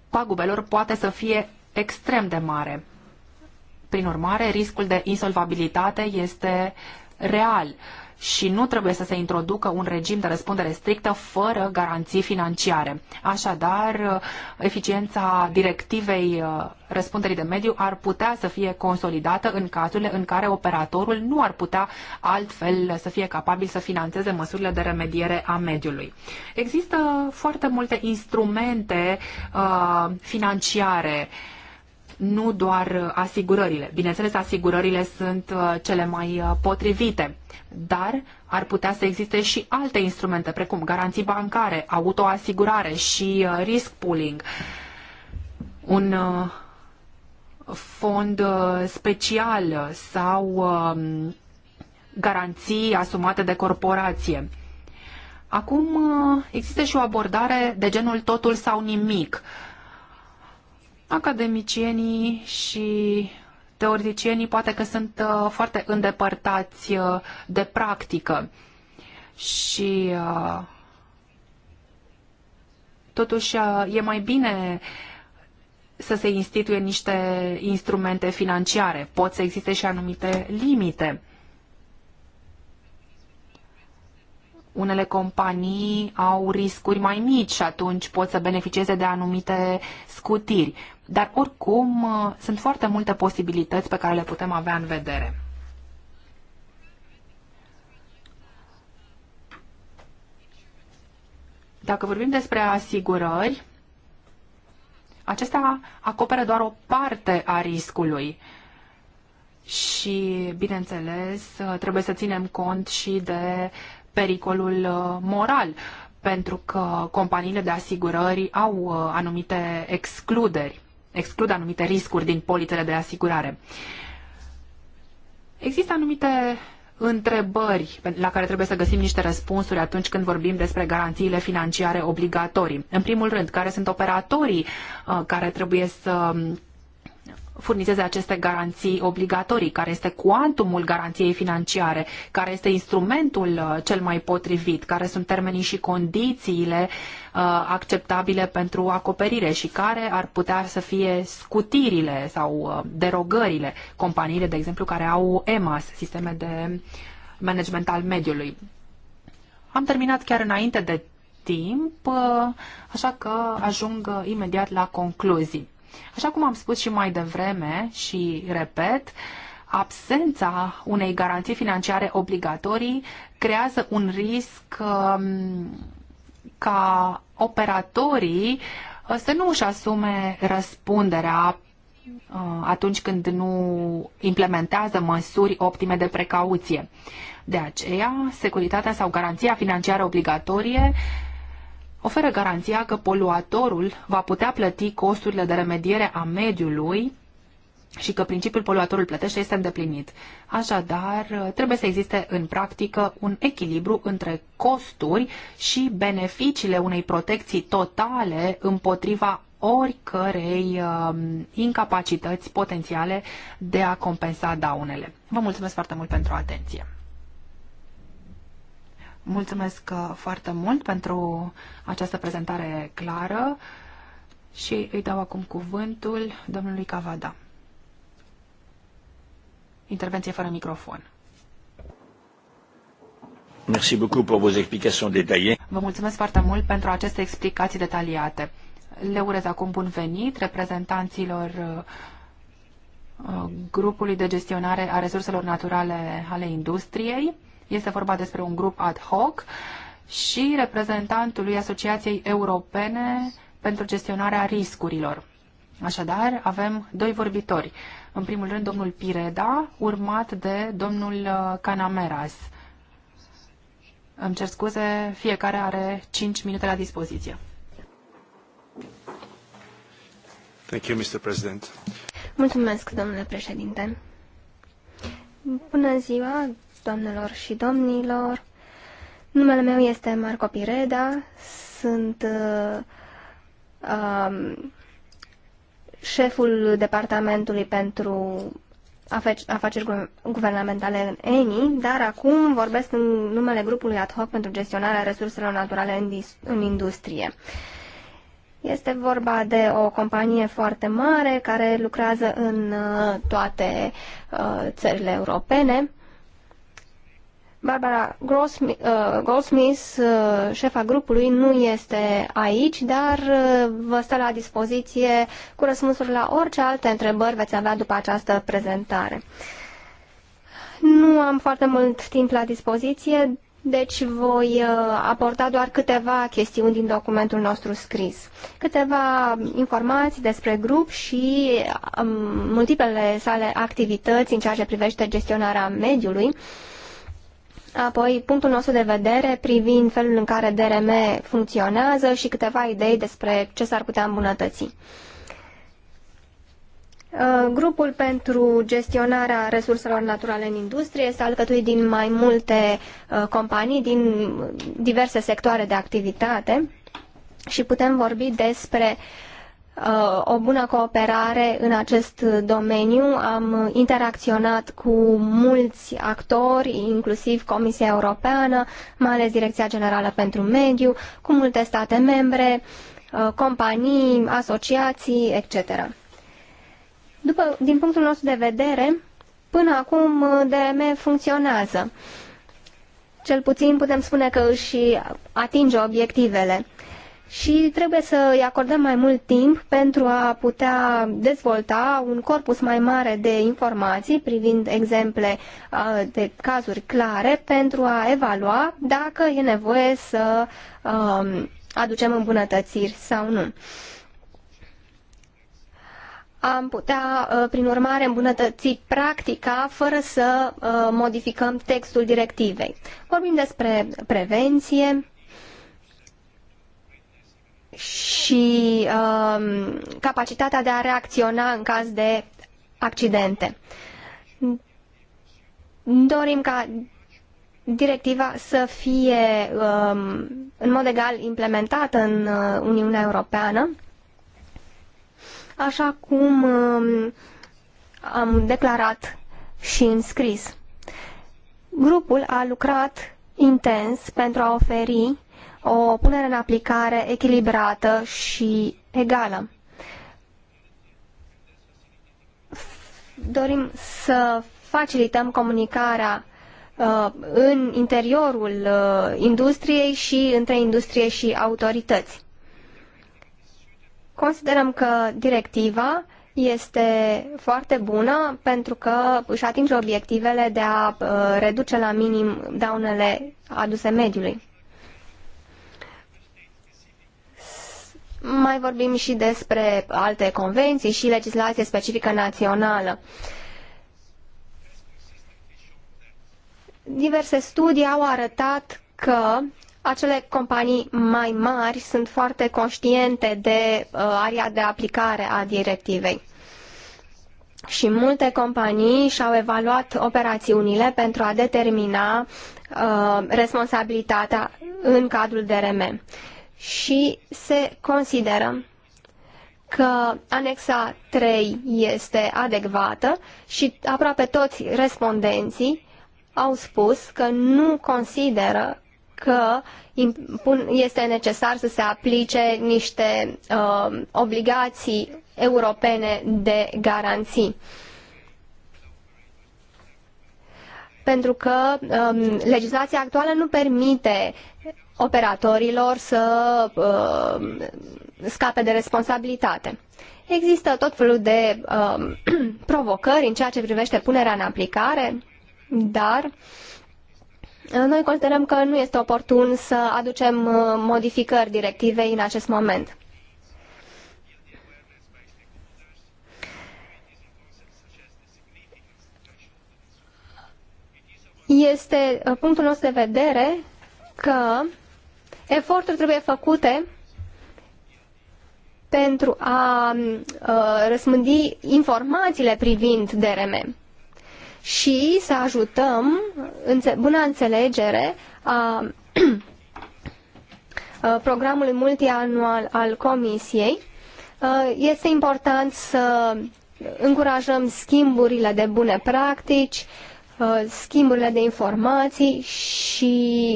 pagubelor poate să fie extrem de mare. Prin urmare, riscul de insolvabilitate este real și nu trebuie să se introducă un regim de răspundere strictă fără garanții financiare. Așadar, eficiența directivei uh, răspunderii de mediu ar putea să fie consolidată în cazurile în care operatorul nu ar putea altfel să fie capabil să financeze măsurile de remediere a mediului. Există foarte multe instrumente uh, financiare uh, nu doar asigurările. Bineînțeles, asigurările sunt uh, cele mai uh, potrivite, dar ar putea să existe și alte instrumente, precum garanții bancare, autoasigurare și uh, risk pooling. Un fond special sau um, garanții asumate de corporație. Acum există și o abordare de genul totul sau nimic academicienii și teoreticienii poate că sunt uh, foarte îndepărtați uh, de practică și uh, totuși e mai bine să se instituie niște instrumente financiare. Pot să existe și anumite limite. Unele companii au riscuri mai mici și atunci pot să beneficieze de anumite scutiri. Dar oricum uh, sunt foarte multe posibilități pe care le putem avea în vedere. Dacă vorbim despre asigurări, acesta acoperă doar o parte a riscului. Și, bineînțeles, uh, trebuie să ținem cont și de pericolul uh, moral, pentru că companiile de asigurări au anumite excluderi exclud anumite riscuri din polițele de asigurare. Există anumite întrebări la care trebuie să găsim niște răspunsuri atunci când vorbim despre garanțiile financiare obligatorii. În primul rând, care sunt operatorii uh, care trebuie să furnizeze aceste garanții obligatorii, care este cuantumul garanției financiare, care este instrumentul uh, cel mai potrivit, care sunt termenii și condițiile uh, acceptabile pentru acoperire și care ar putea să fie scutirile sau uh, derogările companiile, de exemplu, care au EMAS, sisteme de management al mediului. Am terminat chiar înainte de timp, așa că ajung imediat la concluzii. Așa cum am spus și mai devreme și repet, absența unei garanții financiare obligatorii creează un risc um, ca operatorii uh, să nu își asume răspunderea uh, atunci când nu implementează măsuri optime de precauție. De aceea, securitatea sau garanția financiară obligatorie oferă garanția că poluatorul va putea plăti costurile de remediere a mediului și că principiul poluatorul plătește este îndeplinit. Așadar, trebuie să existe în practică un echilibru între costuri și beneficiile unei protecții totale împotriva oricărei uh, incapacități potențiale de a compensa daunele. Vă mulțumesc foarte mult pentru atenție. Mulțumesc uh, foarte mult pentru această prezentare clară și îi dau acum cuvântul domnului Cavada. Intervenție fără microfon. Merci beaucoup pour vos explications détaillées. Vă mulțumesc foarte mult pentru aceste explicații detaliate. Le urez acum bun venit reprezentanților uh, uh, grupului de gestionare a resurselor naturale ale industriei. Este vorba despre un grup ad hoc și reprezentantului Asociației Europene pentru gestionarea riscurilor. Așadar, avem doi vorbitori. În primul rând, domnul Pireda, urmat de domnul uh, Canameras. Îmi cer scuze, fiecare are 5 minute la dispoziție. Thank you, Mr. President. Mulțumesc, domnule președinte. Bună ziua, doamnelor și domnilor. Numele meu este Marco Pireda, sunt uh, uh, șeful departamentului pentru afaceri guvernamentale în ENI, dar acum vorbesc în numele grupului ad hoc pentru gestionarea resurselor naturale în, în industrie. Este vorba de o companie foarte mare care lucrează în uh, toate uh, țările europene Barbara uh, Goldsmith, uh, șefa grupului, nu este aici, dar uh, vă stă la dispoziție cu răspunsuri la orice alte întrebări veți avea după această prezentare. Nu am foarte mult timp la dispoziție, deci voi aporta doar câteva chestiuni din documentul nostru scris. Câteva informații despre grup și um, multiplele sale activități în ceea ce privește gestionarea mediului. Apoi, punctul nostru de vedere privind felul în care DRM funcționează și câteva idei despre ce s-ar putea îmbunătăți. Uh, grupul pentru gestionarea resurselor naturale în industrie este alcătuit din mai multe uh, companii din diverse sectoare de activitate și putem vorbi despre uh, Uh, o bună cooperare în acest domeniu. Am interacționat cu mulți actori, inclusiv Comisia Europeană, mai ales Direcția Generală pentru Mediu, cu multe state membre, uh, companii, asociații, etc. După, din punctul nostru de vedere, până acum uh, DRM funcționează. Cel puțin putem spune că își atinge obiectivele și trebuie să îi acordăm mai mult timp pentru a putea dezvolta un corpus mai mare de informații privind exemple de cazuri clare pentru a evalua dacă e nevoie să aducem îmbunătățiri sau nu. Am putea, prin urmare, îmbunătăți practica fără să modificăm textul directivei. Vorbim despre prevenție, și um, capacitatea de a reacționa în caz de accidente. Dorim ca directiva să fie um, în mod egal implementată în uh, Uniunea Europeană, așa cum um, am declarat și înscris. Grupul a lucrat intens pentru a oferi o punere în aplicare echilibrată și egală. Dorim să facilităm comunicarea uh, în interiorul uh, industriei și între industrie și autorități. Considerăm că directiva este foarte bună pentru că își atinge obiectivele de a uh, reduce la minim daunele aduse mediului. Mai vorbim și despre alte convenții și legislație specifică națională. Diverse studii au arătat că acele companii mai mari sunt foarte conștiente de uh, area de aplicare a directivei. Și multe companii și-au evaluat operațiunile pentru a determina uh, responsabilitatea în cadrul DRM și se consideră că anexa 3 este adecvată și aproape toți respondenții au spus că nu consideră că este necesar să se aplice niște uh, obligații europene de garanții. Pentru că um, legislația actuală nu permite operatorilor să uh, scape de responsabilitate. Există tot felul de uh, provocări în ceea ce privește punerea în aplicare, dar uh, noi considerăm că nu este oportun să aducem uh, modificări directivei în acest moment. Este uh, punctul nostru de vedere că Eforturi trebuie făcute pentru a uh, răspândi informațiile privind DRM și să ajutăm în bună înțelegere a programului multianual al Comisiei. Este important să încurajăm schimburile de bune practici, Uh, schimburile de informații și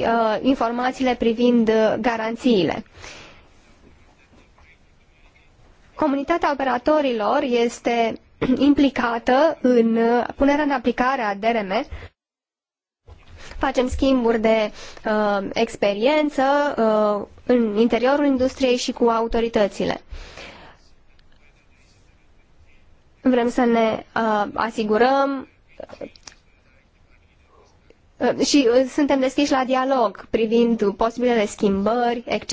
uh, informațiile privind uh, garanțiile. Comunitatea operatorilor este implicată în punerea în aplicare a DRM. Facem schimburi de uh, experiență uh, în interiorul industriei și cu autoritățile. Vrem să ne uh, asigurăm Uh, și uh, suntem deschiși la dialog privind posibilele schimbări, etc.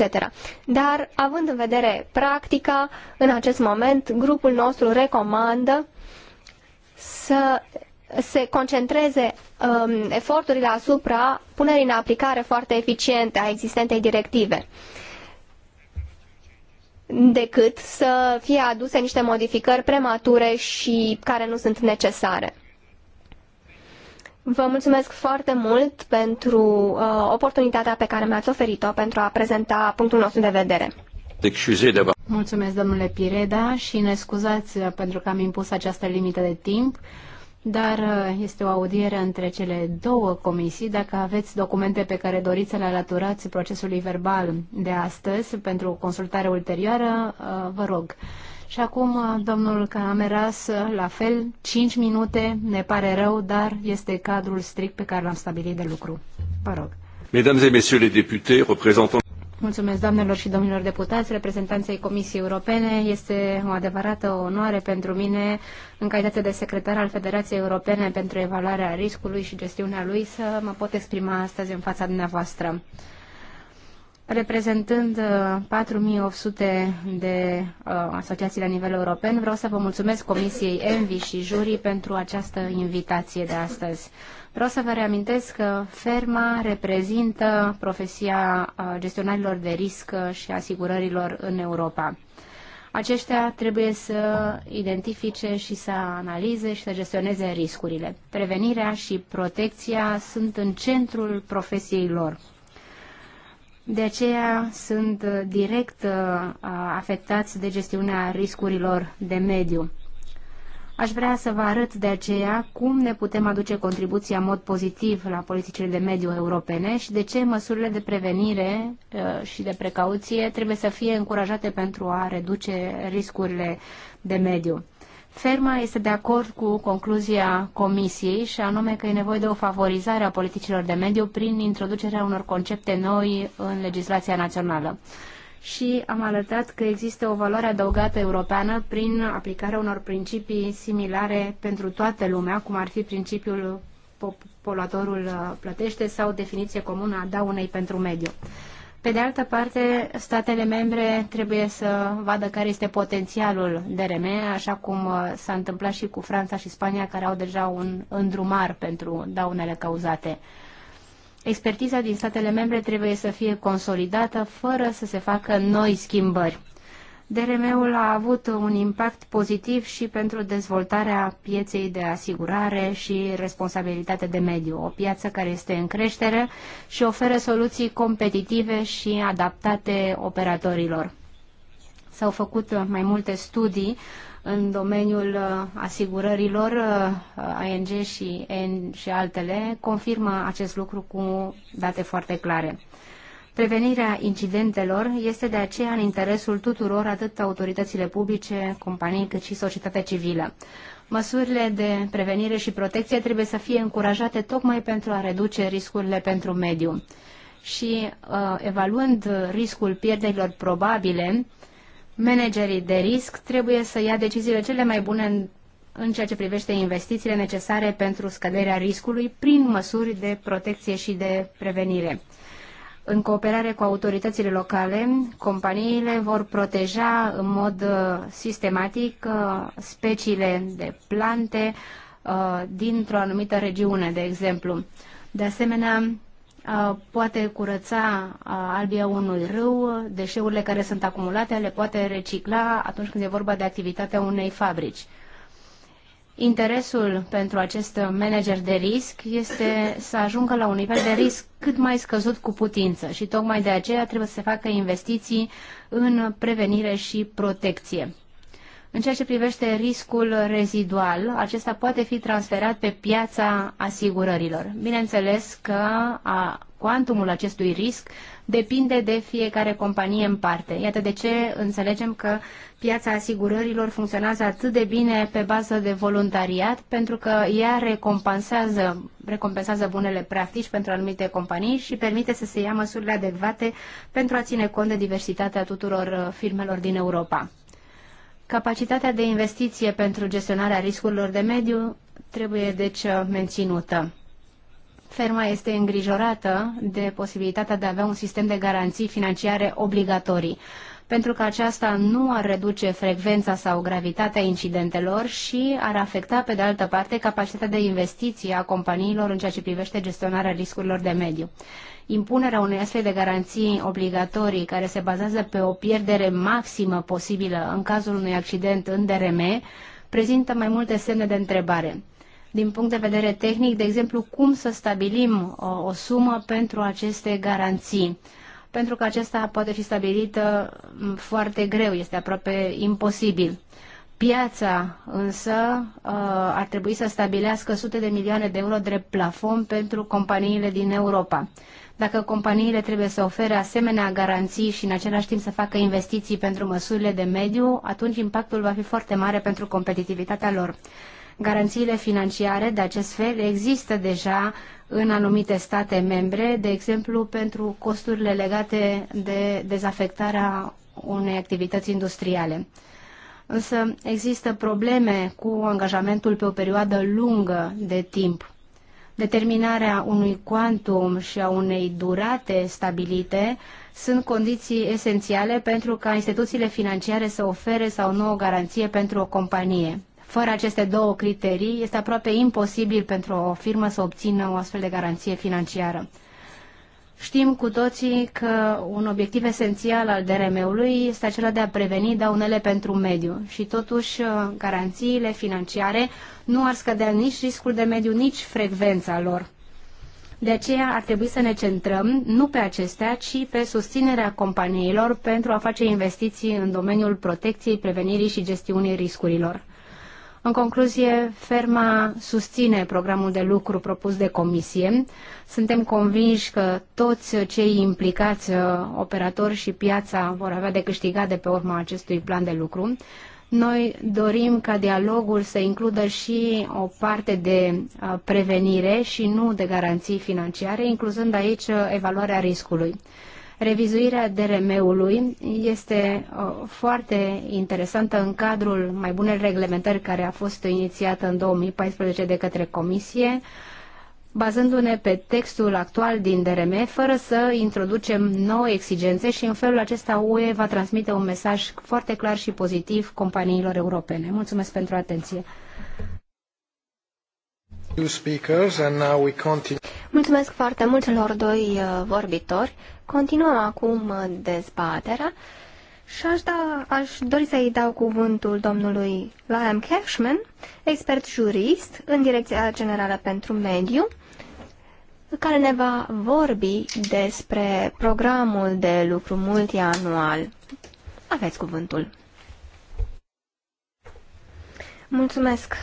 Dar, având în vedere practica, în acest moment, grupul nostru recomandă să se concentreze um, eforturile asupra punerii în aplicare foarte eficiente a existentei directive decât să fie aduse niște modificări premature și care nu sunt necesare. Vă mulțumesc foarte mult pentru uh, oportunitatea pe care mi-ați oferit-o pentru a prezenta punctul nostru de vedere. Mulțumesc, domnule Pireda, și ne scuzați uh, pentru că am impus această limită de timp, dar uh, este o audiere între cele două comisii. Dacă aveți documente pe care doriți să le alăturați procesului verbal de astăzi pentru o consultare ulterioară, uh, vă rog. Și acum, uh, domnul Cameras, uh, la fel, 5 minute, ne pare rău, dar este cadrul strict pe care l-am stabilit de lucru. Vă rog. Mesdames et messieurs les députés, représentants Mulțumesc, doamnelor și domnilor deputați, reprezentanței Comisiei Europene. Este o adevărată onoare pentru mine, în calitate de secretar al Federației Europene pentru Evaluarea Riscului și Gestiunea lui, să mă pot exprima astăzi în fața dumneavoastră. Reprezentând 4800 uh, de uh, asociații la nivel european, vreau să vă mulțumesc Comisiei Envi și jurii pentru această invitație de astăzi. Vreau să vă reamintesc că ferma reprezintă profesia uh, gestionarilor de risc și asigurărilor în Europa. Aceștia trebuie să identifice și să analize și să gestioneze riscurile. Prevenirea și protecția sunt în centrul profesiei lor de aceea sunt uh, direct uh, afectați de gestiunea riscurilor de mediu. Aș vrea să vă arăt de aceea cum ne putem aduce contribuția în mod pozitiv la politicile de mediu europene și de ce măsurile de prevenire uh, și de precauție trebuie să fie încurajate pentru a reduce riscurile de mediu. Ferma este de acord cu concluzia Comisiei și anume că e nevoie de o favorizare a politicilor de mediu prin introducerea unor concepte noi în legislația națională. Și am arătat că există o valoare adăugată europeană prin aplicarea unor principii similare pentru toată lumea, cum ar fi principiul poluatorul uh, plătește sau definiție comună a daunei pentru mediu. Pe de altă parte, statele membre trebuie să vadă care este potențialul DRM, așa cum uh, s-a întâmplat și cu Franța și Spania, care au deja un îndrumar pentru daunele cauzate. Expertiza din statele membre trebuie să fie consolidată fără să se facă noi schimbări. DRM-ul a avut un impact pozitiv și pentru dezvoltarea pieței de asigurare și responsabilitate de mediu, o piață care este în creștere și oferă soluții competitive și adaptate operatorilor. S-au făcut mai multe studii în domeniul uh, asigurărilor, uh, ANG și, și altele, confirmă acest lucru cu date foarte clare. Prevenirea incidentelor este de aceea în interesul tuturor, atât autoritățile publice, companii, cât și societatea civilă. Măsurile de prevenire și protecție trebuie să fie încurajate tocmai pentru a reduce riscurile pentru mediu. Și uh, evaluând riscul pierderilor probabile, managerii de risc trebuie să ia deciziile cele mai bune în, în ceea ce privește investițiile necesare pentru scăderea riscului prin măsuri de protecție și de prevenire. În cooperare cu autoritățile locale, companiile vor proteja în mod uh, sistematic uh, speciile de plante uh, dintr-o anumită regiune, de exemplu. De asemenea, poate curăța albia unui râu, deșeurile care sunt acumulate le poate recicla atunci când e vorba de activitatea unei fabrici. Interesul pentru acest manager de risc este să ajungă la un nivel de risc cât mai scăzut cu putință și tocmai de aceea trebuie să se facă investiții în prevenire și protecție. În ceea ce privește riscul rezidual, acesta poate fi transferat pe piața asigurărilor. Bineînțeles că a, cuantumul acestui risc depinde de fiecare companie în parte. Iată de ce înțelegem că piața asigurărilor funcționează atât de bine pe bază de voluntariat, pentru că ea recompensează, recompensează bunele practici pentru anumite companii și permite să se ia măsurile adecvate pentru a ține cont de diversitatea tuturor uh, firmelor din Europa. Capacitatea de investiție pentru gestionarea riscurilor de mediu trebuie deci uh, menținută. Ferma este îngrijorată de posibilitatea de a avea un sistem de garanții financiare obligatorii, pentru că aceasta nu ar reduce frecvența sau gravitatea incidentelor și ar afecta, pe de altă parte, capacitatea de investiție a companiilor în ceea ce privește gestionarea riscurilor de mediu. Impunerea unei astfel de garanții obligatorii care se bazează pe o pierdere maximă posibilă în cazul unui accident în DRM prezintă mai multe semne de întrebare din punct de vedere tehnic, de exemplu, cum să stabilim o, uh, o sumă pentru aceste garanții. Pentru că aceasta poate fi stabilită mm, foarte greu, este aproape imposibil. Piața însă uh, ar trebui să stabilească sute de milioane de euro drept plafon pentru companiile din Europa. Dacă companiile trebuie să ofere asemenea garanții și în același timp să facă investiții pentru măsurile de mediu, atunci impactul va fi foarte mare pentru competitivitatea lor. Garanțiile financiare de acest fel există deja în anumite state membre, de exemplu pentru costurile legate de dezafectarea unei activități industriale. Însă există probleme cu angajamentul pe o perioadă lungă de timp. Determinarea unui quantum și a unei durate stabilite sunt condiții esențiale pentru ca instituțiile financiare să ofere sau nu o garanție pentru o companie. Fără aceste două criterii, este aproape imposibil pentru o firmă să obțină o astfel de garanție financiară. Știm cu toții că un obiectiv esențial al DRM-ului este acela de a preveni daunele pentru mediu și totuși uh, garanțiile financiare nu ar scădea nici riscul de mediu, nici frecvența lor. De aceea ar trebui să ne centrăm nu pe acestea, ci pe susținerea companiilor pentru a face investiții în domeniul protecției, prevenirii și gestiunii riscurilor. În concluzie, ferma susține programul de lucru propus de comisie. Suntem convinși că toți cei implicați, uh, operatori și piața, vor avea de câștigat de pe urma acestui plan de lucru. Noi dorim ca dialogul să includă și o parte de uh, prevenire și nu de garanții financiare, incluzând aici uh, evaluarea riscului. Revizuirea DRM-ului este uh, foarte interesantă în cadrul mai bunei reglementări care a fost inițiată în 2014 de către Comisie, bazându-ne pe textul actual din DRM, fără să introducem noi exigențe și în felul acesta UE va transmite un mesaj foarte clar și pozitiv companiilor europene. Mulțumesc pentru atenție! Mulțumesc foarte mult celor doi uh, vorbitori. Continuăm acum uh, dezbaterea și aș, da, aș dori să-i dau cuvântul domnului Liam Cashman, expert jurist în Direcția Generală pentru Mediu, care ne va vorbi despre programul de lucru multianual. Aveți cuvântul. Mulțumesc,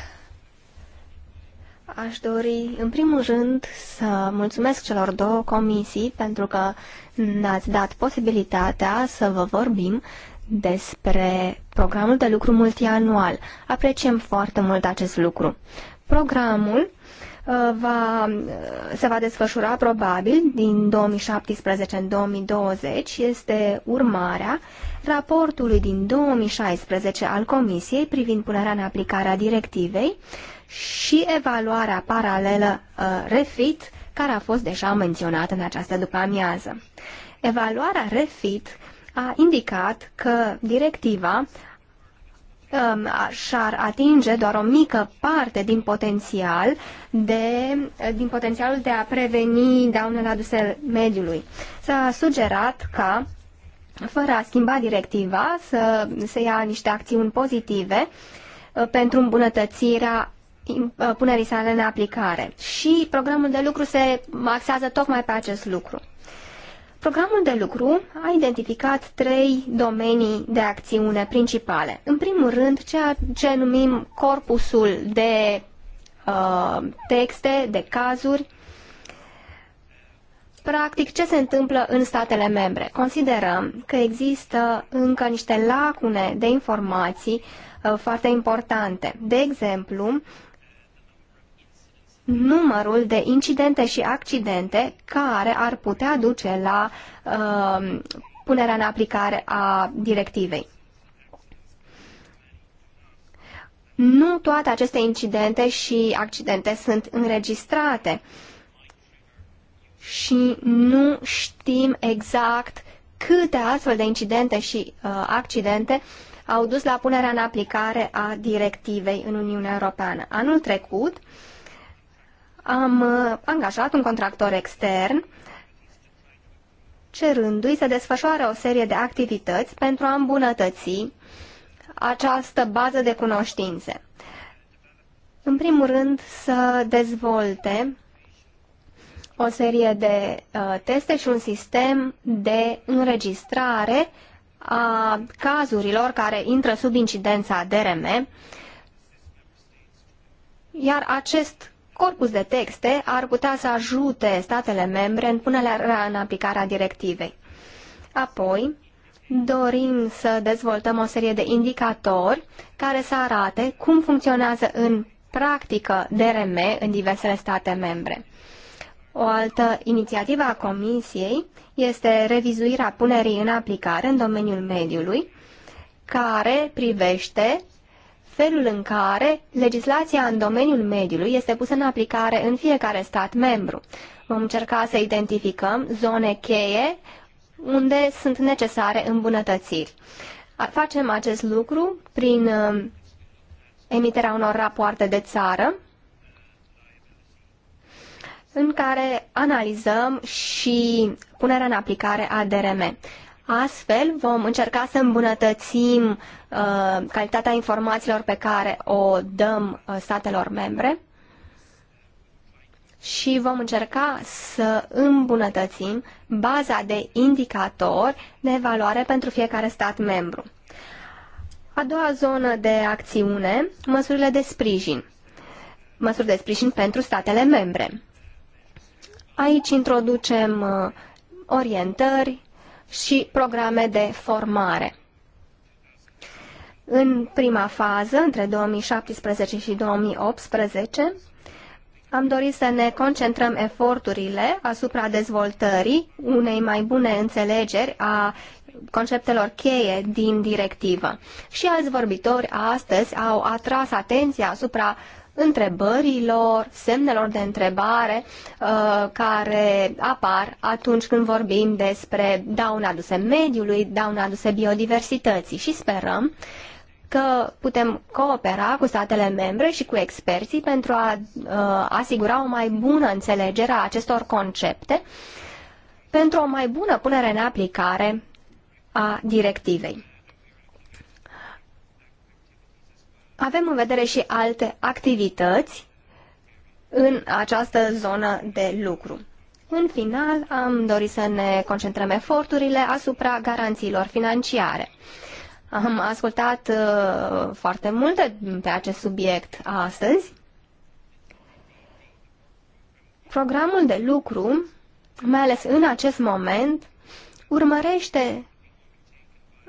Aș dori, în primul rând, să mulțumesc celor două comisii pentru că ne-ați dat posibilitatea să vă vorbim despre programul de lucru multianual. Apreciem foarte mult acest lucru. Programul uh, va, uh, se va desfășura probabil din 2017 în 2020, este urmarea raportului din 2016 al Comisiei privind punerea în aplicare a directivei și evaluarea paralelă uh, REFIT, care a fost deja menționată în această după-amiază. Evaluarea REFIT a indicat că directiva um, și-ar atinge doar o mică parte din potențial de, din potențialul de a preveni daunele aduse mediului. S-a sugerat ca fără a schimba directiva, să se ia niște acțiuni pozitive uh, pentru îmbunătățirea uh, punerii sale în aplicare. Și programul de lucru se axează tocmai pe acest lucru. Programul de lucru a identificat trei domenii de acțiune principale. În primul rând, ceea ce numim corpusul de uh, texte, de cazuri, Practic, ce se întâmplă în statele membre? Considerăm că există încă niște lacune de informații uh, foarte importante. De exemplu, numărul de incidente și accidente care ar putea duce la uh, punerea în aplicare a directivei. Nu toate aceste incidente și accidente sunt înregistrate. Uh, și nu știm exact câte astfel de incidente și uh, accidente au dus la punerea în aplicare a directivei în Uniunea Europeană. Anul trecut am uh, angajat un contractor extern cerându-i să desfășoare o serie de activități pentru a îmbunătăți această bază de cunoștințe. În primul rând, să dezvolte o serie de uh, teste și un sistem de înregistrare a cazurilor care intră sub incidența DRM, iar acest corpus de texte ar putea să ajute statele membre în punerea în aplicarea directivei. Apoi, dorim să dezvoltăm o serie de indicatori care să arate cum funcționează în practică DRM în diversele state membre. O altă inițiativă a Comisiei este revizuirea punerii în aplicare în domeniul mediului, care privește felul în care legislația în domeniul mediului este pusă în aplicare în fiecare stat membru. Vom încerca să identificăm zone cheie unde sunt necesare îmbunătățiri. Facem acest lucru prin uh, emiterea unor rapoarte de țară în care analizăm și punerea în aplicare a DRM. Astfel vom încerca să îmbunătățim uh, calitatea informațiilor pe care o dăm uh, statelor membre și vom încerca să îmbunătățim baza de indicatori de evaluare pentru fiecare stat membru. A doua zonă de acțiune, măsurile de sprijin. Măsuri de sprijin pentru statele membre. Aici introducem uh, orientări și programe de formare. În prima fază, între 2017 și 2018, am dorit să ne concentrăm eforturile asupra dezvoltării unei mai bune înțelegeri a conceptelor cheie din directivă. Și alți vorbitori astăzi au atras atenția asupra întrebărilor, semnelor de întrebare uh, care apar atunci când vorbim despre dauna aduse mediului, dauna aduse biodiversității și sperăm că putem coopera cu statele membre și cu experții pentru a uh, asigura o mai bună înțelegere a acestor concepte pentru o mai bună punere în aplicare a directivei. Avem în vedere și alte activități în această zonă de lucru. În final, am dorit să ne concentrăm eforturile asupra garanțiilor financiare. Am ascultat uh, foarte multe pe acest subiect astăzi. Programul de lucru, mai ales în acest moment, urmărește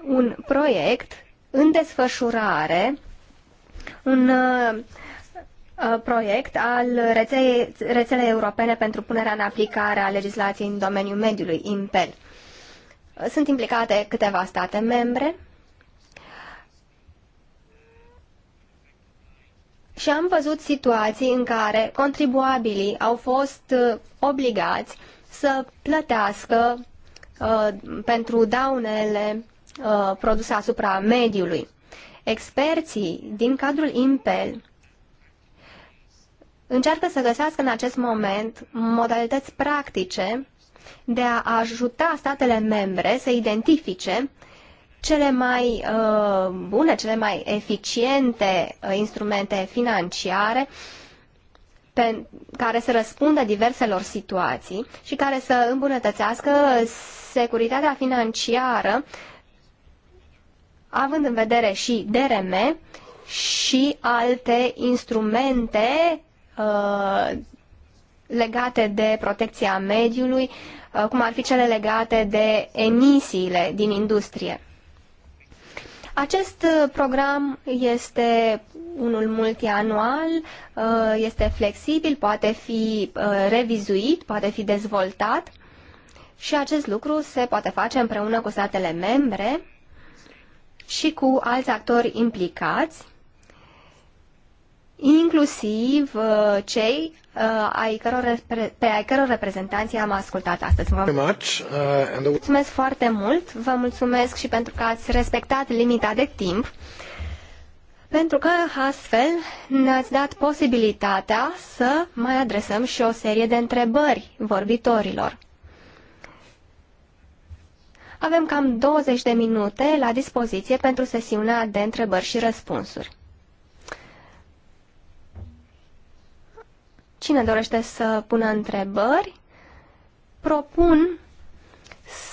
un proiect în desfășurare un uh, uh, proiect al rețelei, rețelei europene pentru punerea în aplicare a legislației în domeniul mediului, IMPEL. Sunt implicate câteva state membre și am văzut situații în care contribuabilii au fost uh, obligați să plătească uh, pentru daunele uh, produse asupra mediului. Experții din cadrul IMPEL încearcă să găsească în acest moment modalități practice de a ajuta statele membre să identifice cele mai uh, bune, cele mai eficiente uh, instrumente financiare pe, care să răspundă diverselor situații și care să îmbunătățească securitatea financiară având în vedere și DRM și alte instrumente uh, legate de protecția mediului, uh, cum ar fi cele legate de emisiile din industrie. Acest uh, program este unul multianual, uh, este flexibil, poate fi uh, revizuit, poate fi dezvoltat și acest lucru se poate face împreună cu statele membre și cu alți actori implicați, inclusiv uh, cei uh, ai căror, pe ai căror reprezentanții am ascultat astăzi. Vă uh, mulțumesc foarte mult, vă mulțumesc și pentru că ați respectat limita de timp, pentru că astfel ne-ați dat posibilitatea să mai adresăm și o serie de întrebări vorbitorilor. Avem cam 20 de minute la dispoziție pentru sesiunea de întrebări și răspunsuri. Cine dorește să pună întrebări, propun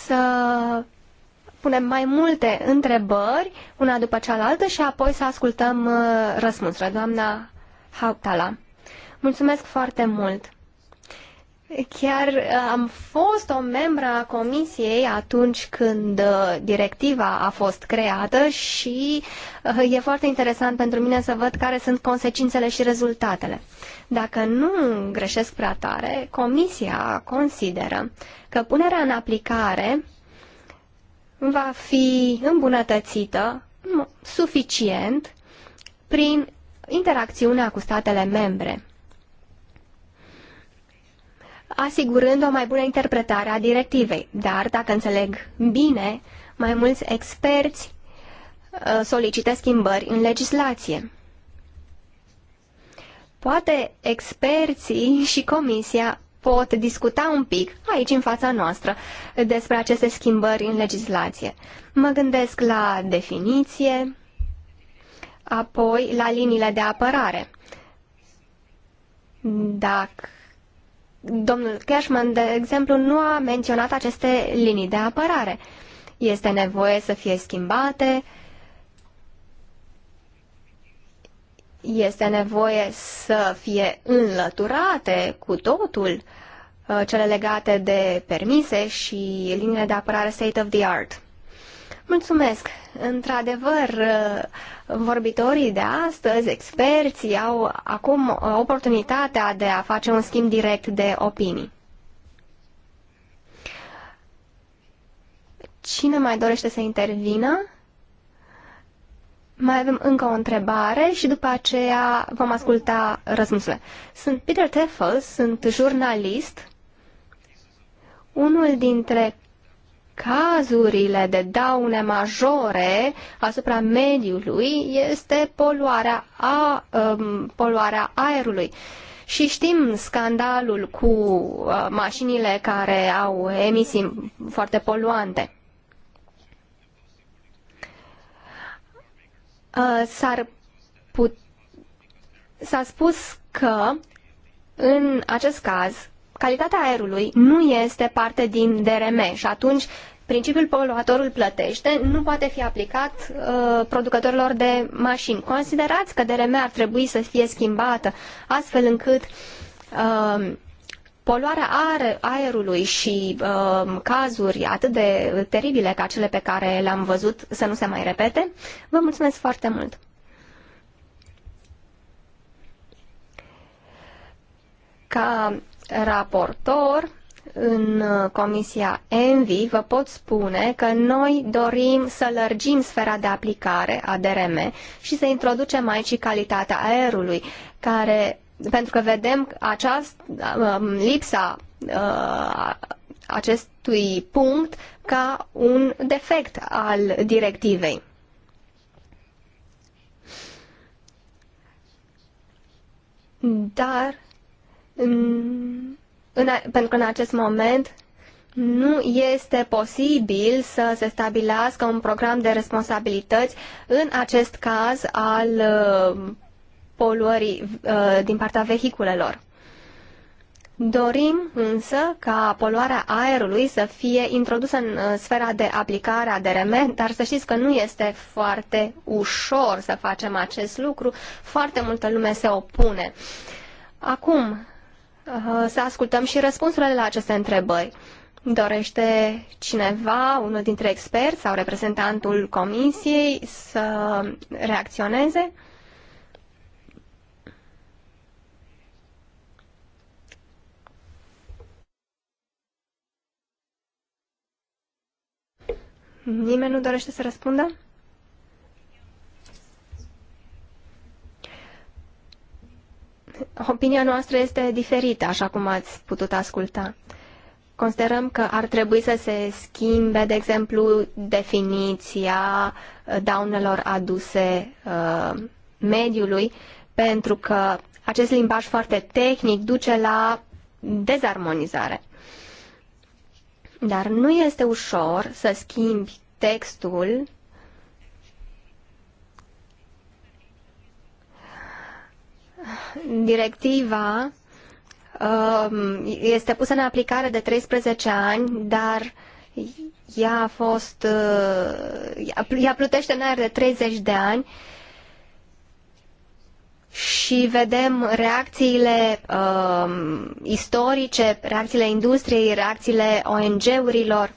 să punem mai multe întrebări, una după cealaltă, și apoi să ascultăm uh, răspunsurile. Doamna Hautala, mulțumesc foarte mult! Chiar uh, am fost o membră a comisiei atunci când uh, directiva a fost creată și uh, e foarte interesant pentru mine să văd care sunt consecințele și rezultatele. Dacă nu greșesc prea tare, comisia consideră că punerea în aplicare va fi îmbunătățită suficient prin interacțiunea cu statele membre asigurând o mai bună interpretare a directivei. Dar, dacă înțeleg bine, mai mulți experți uh, solicită schimbări în legislație. Poate experții și comisia pot discuta un pic aici în fața noastră despre aceste schimbări în legislație. Mă gândesc la definiție, apoi la liniile de apărare. Dacă domnul Cashman, de exemplu, nu a menționat aceste linii de apărare. Este nevoie să fie schimbate, este nevoie să fie înlăturate cu totul uh, cele legate de permise și linii de apărare state of the art. Mulțumesc! Într-adevăr, vorbitorii de astăzi, experții, au acum oportunitatea de a face un schimb direct de opinii. Cine mai dorește să intervină? Mai avem încă o întrebare și după aceea vom asculta răspunsurile. Sunt Peter Teffel, sunt jurnalist, unul dintre cazurile de daune majore asupra mediului este poluarea, a, um, poluarea aerului. Și știm scandalul cu uh, mașinile care au emisii foarte poluante. Uh, s-ar put... S-a spus că în acest caz calitatea aerului nu este parte din DRM și atunci principiul poluatorul plătește nu poate fi aplicat uh, producătorilor de mașini. Considerați că DRM ar trebui să fie schimbată astfel încât uh, poluarea aerului și uh, cazuri atât de teribile ca cele pe care le-am văzut să nu se mai repete. Vă mulțumesc foarte mult! Ca raportor în uh, Comisia ENVI, vă pot spune că noi dorim să lărgim sfera de aplicare a DRM și să introducem aici și calitatea aerului, care, pentru că vedem aceast, um, lipsa uh, acestui punct ca un defect al directivei. Dar în, pentru că în acest moment nu este posibil să se stabilească un program de responsabilități în acest caz al uh, poluării uh, din partea vehiculelor. Dorim însă ca poluarea aerului să fie introdusă în uh, sfera de aplicare a DRM, dar să știți că nu este foarte ușor să facem acest lucru, foarte multă lume se opune. Acum, Uh, să ascultăm și răspunsurile la aceste întrebări. Dorește cineva, unul dintre experți sau reprezentantul comisiei să reacționeze? Nimeni nu dorește să răspundă? Opinia noastră este diferită, așa cum ați putut asculta. Considerăm că ar trebui să se schimbe, de exemplu, definiția uh, daunelor aduse uh, mediului, pentru că acest limbaj foarte tehnic duce la dezarmonizare. Dar nu este ușor să schimbi textul Directiva um, este pusă în aplicare de 13 ani, dar ea a fost. Uh, ea plutește în aer de 30 de ani și vedem reacțiile uh, istorice, reacțiile industriei, reacțiile ONG-urilor.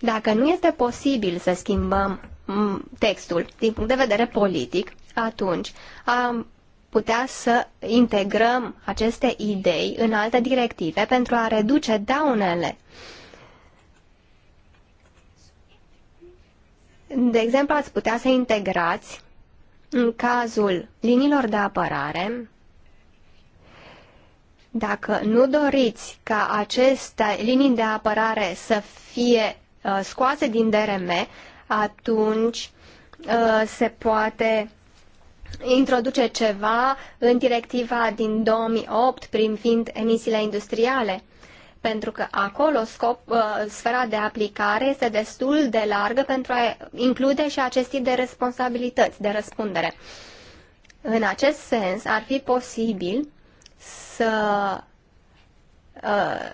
Dacă nu este posibil să schimbăm textul din punct de vedere politic, atunci putea să integrăm aceste idei în alte directive pentru a reduce daunele. De exemplu, ați putea să integrați în cazul liniilor de apărare, dacă nu doriți ca aceste linii de apărare să fie uh, scoase din DRM, atunci uh, se poate introduce ceva în directiva din 2008 fiind emisiile industriale pentru că acolo scop, uh, sfera de aplicare este destul de largă pentru a include și acest tip de responsabilități, de răspundere. În acest sens, ar fi posibil să uh,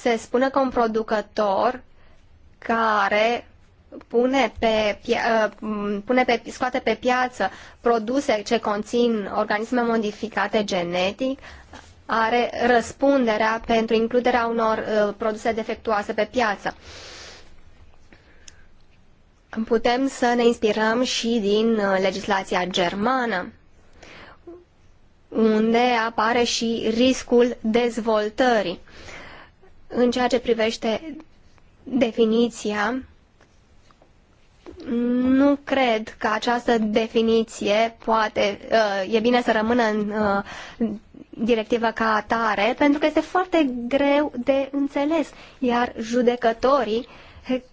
se spună că un producător care pune pe, uh, pune pe, scoate pe piață produse ce conțin organisme modificate genetic, are răspunderea pentru includerea unor uh, produse defectuoase pe piață. Putem să ne inspirăm și din uh, legislația germană, unde apare și riscul dezvoltării. În ceea ce privește definiția, nu cred că această definiție poate, uh, e bine să rămână în uh, directiva ca atare, pentru că este foarte greu de înțeles, iar judecătorii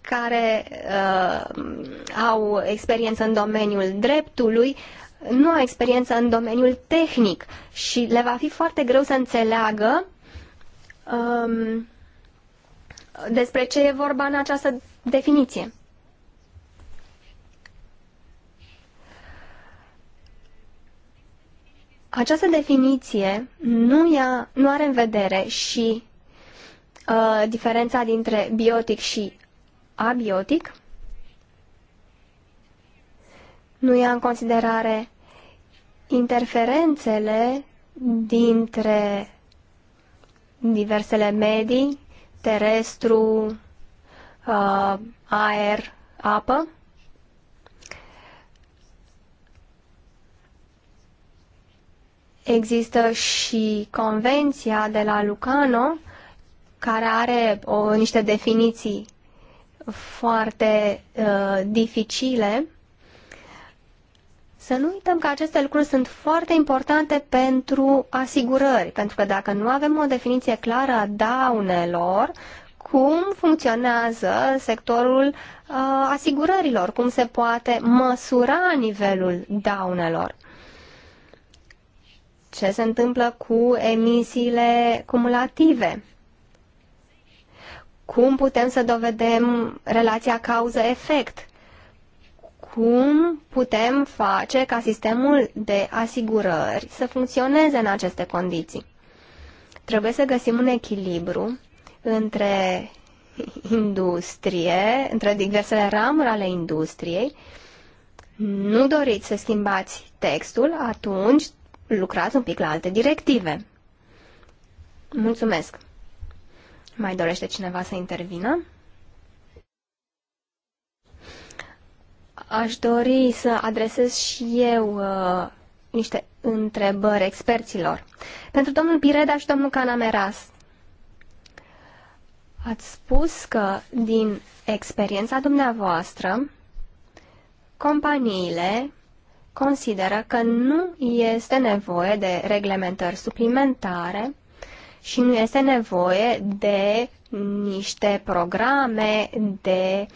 care uh, au experiență în domeniul dreptului nu au experiență în domeniul tehnic și le va fi foarte greu să înțeleagă um, despre ce e vorba în această definiție. Această definiție nu, ia, nu are în vedere și uh, diferența dintre biotic și abiotic, nu ia în considerare interferențele dintre diversele medii, terestru, uh, aer, apă Există și convenția de la Lucano, care are o, niște definiții foarte uh, dificile. Să nu uităm că aceste lucruri sunt foarte importante pentru asigurări, pentru că dacă nu avem o definiție clară a daunelor, cum funcționează sectorul uh, asigurărilor, cum se poate măsura nivelul daunelor ce se întâmplă cu emisiile cumulative. Cum putem să dovedem relația cauză-efect? Cum putem face ca sistemul de asigurări să funcționeze în aceste condiții? Trebuie să găsim un echilibru între industrie, între diversele ramuri ale industriei, nu doriți să schimbați textul, atunci lucrați un pic la alte directive. Mulțumesc! Mai dorește cineva să intervină? Aș dori să adresez și eu uh, niște întrebări experților. Pentru domnul Pireda și domnul Canameras, ați spus că din experiența dumneavoastră, companiile consideră că nu este nevoie de reglementări suplimentare și nu este nevoie de niște programe de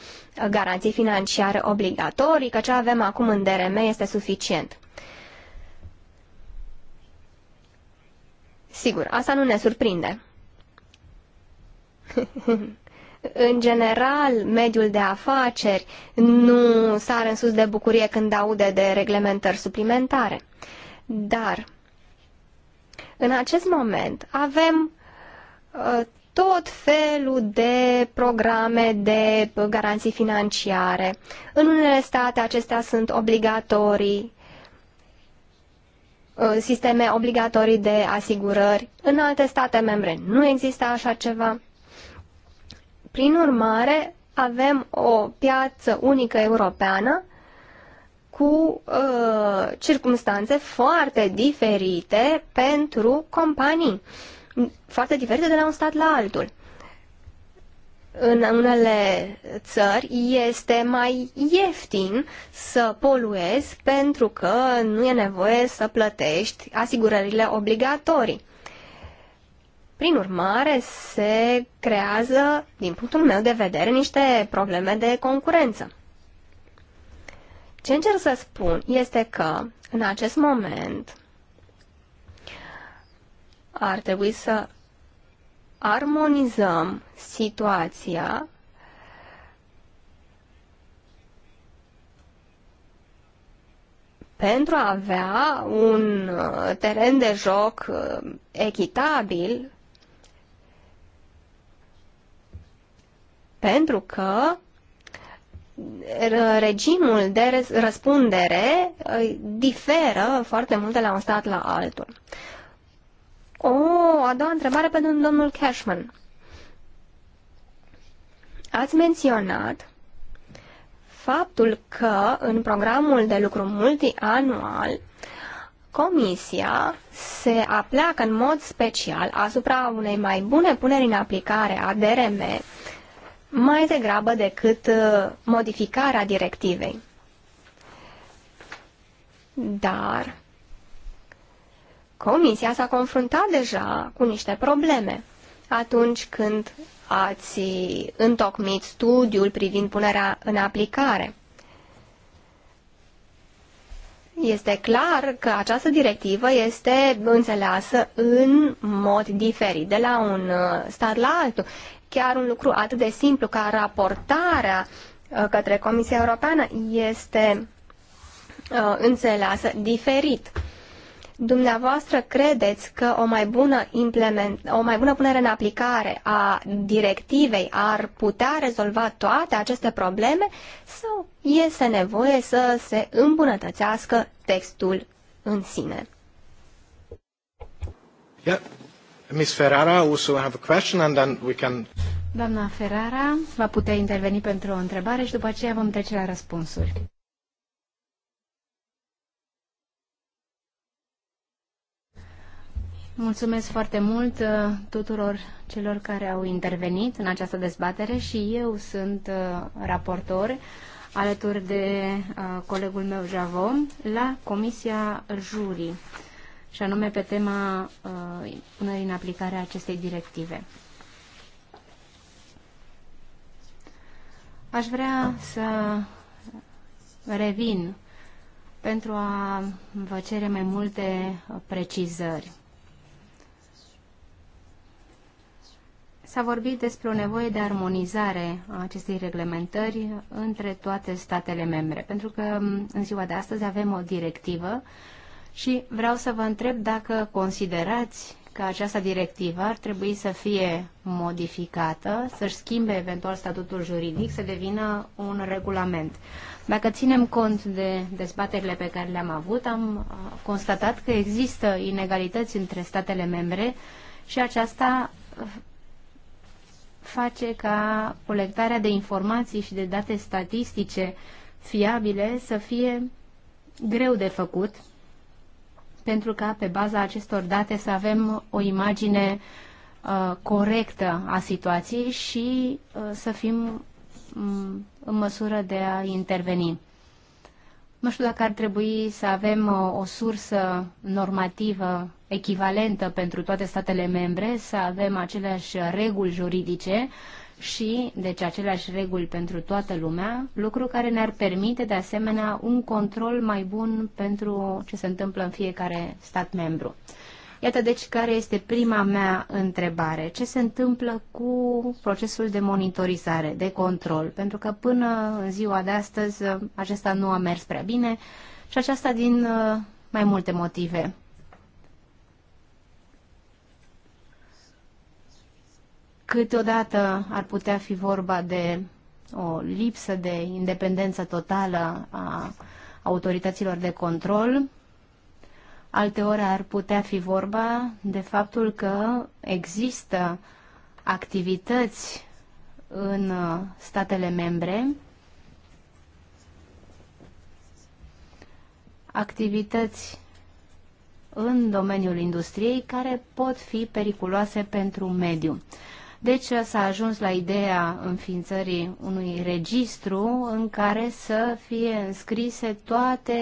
garanții financiare obligatorii, că ce avem acum în DRM este suficient. Sigur, asta nu ne surprinde. în general, mediul de afaceri nu sar în sus de bucurie când aude de reglementări suplimentare. Dar, în acest moment, avem ă, tot felul de programe de garanții financiare. În unele state acestea sunt obligatorii, ă, sisteme obligatorii de asigurări. În alte state membre nu există așa ceva. Prin urmare, avem o piață unică europeană cu uh, circumstanțe foarte diferite pentru companii, foarte diferite de la un stat la altul. În unele țări este mai ieftin să poluezi pentru că nu e nevoie să plătești asigurările obligatorii. Prin urmare, se creează, din punctul meu de vedere, niște probleme de concurență. Ce încerc să spun este că, în acest moment, ar trebui să armonizăm situația pentru a avea un uh, teren de joc uh, echitabil Pentru că uh, regimul de răspundere uh, diferă foarte mult de la un stat la altul. O a doua întrebare pentru domnul Cashman. Ați menționat faptul că în programul de lucru multianual Comisia se apleacă în mod special asupra unei mai bune puneri în aplicare a DRM mai degrabă decât uh, modificarea directivei. Dar Comisia s-a confruntat deja cu niște probleme atunci când ați întocmit studiul privind punerea în aplicare. Este clar că această directivă este înțeleasă în mod diferit de la un uh, stat la altul chiar un lucru atât de simplu ca raportarea uh, către Comisia Europeană este uh, înțeleasă diferit. Dumneavoastră credeți că o mai bună, implement, o mai bună punere în aplicare a directivei ar putea rezolva toate aceste probleme sau este nevoie să se îmbunătățească textul în sine? Yeah. Ms. Ferrara also have a question and then we can... Doamna Ferrara va putea interveni pentru o întrebare și după aceea vom trece la răspunsuri. Mulțumesc foarte mult uh, tuturor celor care au intervenit în această dezbatere și eu sunt uh, raportor alături de uh, colegul meu Javon la Comisia Jurii și anume pe tema uh, punerii în aplicare a acestei directive. Aș vrea să revin pentru a vă cere mai multe precizări. S-a vorbit despre o nevoie de armonizare a acestei reglementări între toate statele membre, pentru că mm, în ziua de astăzi avem o directivă și vreau să vă întreb dacă considerați că această directivă ar trebui să fie modificată, să-și schimbe eventual statutul juridic, să devină un regulament. Dacă ținem cont de dezbaterile pe care le-am avut, am uh, constatat că există inegalități între statele membre și aceasta uh, face ca colectarea de informații și de date statistice fiabile să fie greu de făcut pentru ca pe baza acestor date să avem o imagine uh, corectă a situației și uh, să fim mm, în măsură de a interveni. Nu știu dacă ar trebui să avem uh, o sursă normativă echivalentă pentru toate statele membre, să avem aceleași reguli juridice și, deci, aceleași reguli pentru toată lumea, lucru care ne-ar permite, de asemenea, un control mai bun pentru ce se întâmplă în fiecare stat membru. Iată, deci, care este prima mea întrebare. Ce se întâmplă cu procesul de monitorizare, de control? Pentru că până în ziua de astăzi acesta nu a mers prea bine și aceasta din uh, mai multe motive. Câteodată ar putea fi vorba de o lipsă de independență totală a autorităților de control, alteori ar putea fi vorba de faptul că există activități în statele membre, activități în domeniul industriei care pot fi periculoase pentru mediu. Deci uh, s-a ajuns la ideea înființării unui registru în care să fie înscrise toate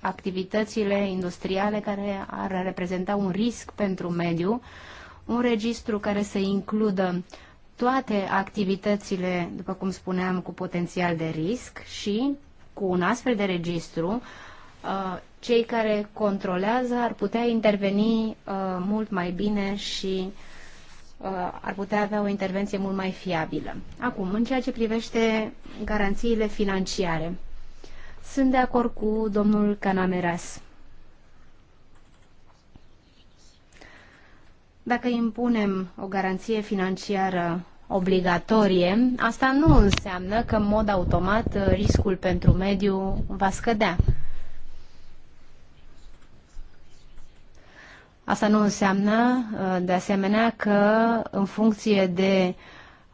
activitățile industriale care ar reprezenta un risc pentru mediu, un registru care să includă toate activitățile, după cum spuneam, cu potențial de risc și cu un astfel de registru, uh, cei care controlează ar putea interveni uh, mult mai bine și Uh, ar putea avea o intervenție mult mai fiabilă. Acum, în ceea ce privește garanțiile financiare, sunt de acord cu domnul Canameras. Dacă impunem o garanție financiară obligatorie, asta nu înseamnă că în mod automat riscul pentru mediu va scădea. Asta nu înseamnă, uh, de asemenea, că în funcție de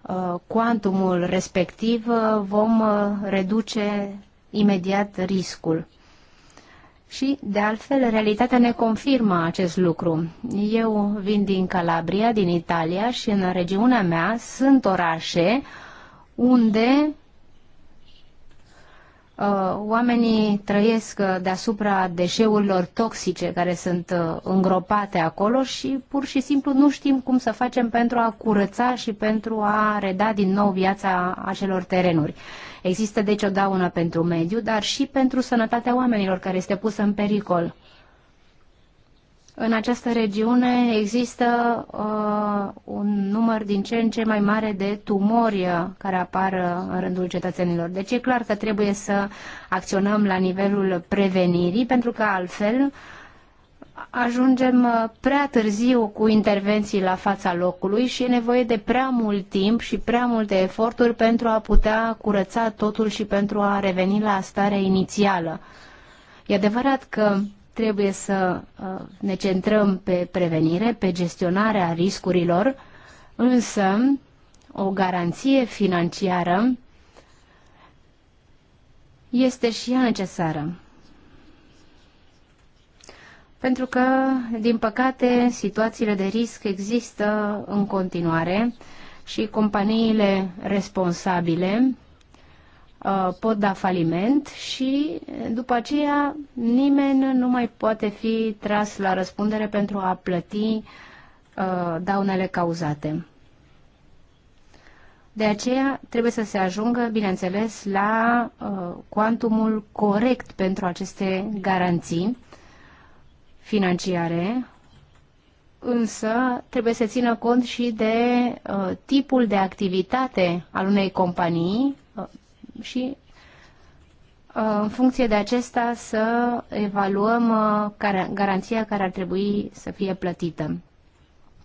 uh, cuantumul respectiv uh, vom reduce imediat riscul. Și, de altfel, realitatea ne confirmă acest lucru. Eu vin din Calabria, din Italia și în regiunea mea sunt orașe unde Uh, oamenii trăiesc uh, deasupra deșeurilor toxice care sunt uh, îngropate acolo și pur și simplu nu știm cum să facem pentru a curăța și pentru a reda din nou viața acelor terenuri. Există deci o daună pentru mediu, dar și pentru sănătatea oamenilor care este pusă în pericol în această regiune există uh, un număr din ce în ce mai mare de tumori uh, care apar uh, în rândul cetățenilor. Deci e clar că trebuie să acționăm la nivelul prevenirii, pentru că altfel ajungem uh, prea târziu cu intervenții la fața locului și e nevoie de prea mult timp și prea multe eforturi pentru a putea curăța totul și pentru a reveni la starea inițială. E adevărat că Trebuie să uh, ne centrăm pe prevenire, pe gestionarea riscurilor, însă o garanție financiară este și ea necesară. Pentru că, din păcate, situațiile de risc există în continuare și companiile responsabile Uh, pot da faliment și eh, după aceea nimeni nu mai poate fi tras la răspundere pentru a plăti uh, daunele cauzate. De aceea trebuie să se ajungă, bineînțeles, la uh, cuantumul corect pentru aceste garanții financiare, însă trebuie să țină cont și de tipul de activitate al unei companii și uh, în funcție de acesta să evaluăm uh, garanția care ar trebui să fie plătită.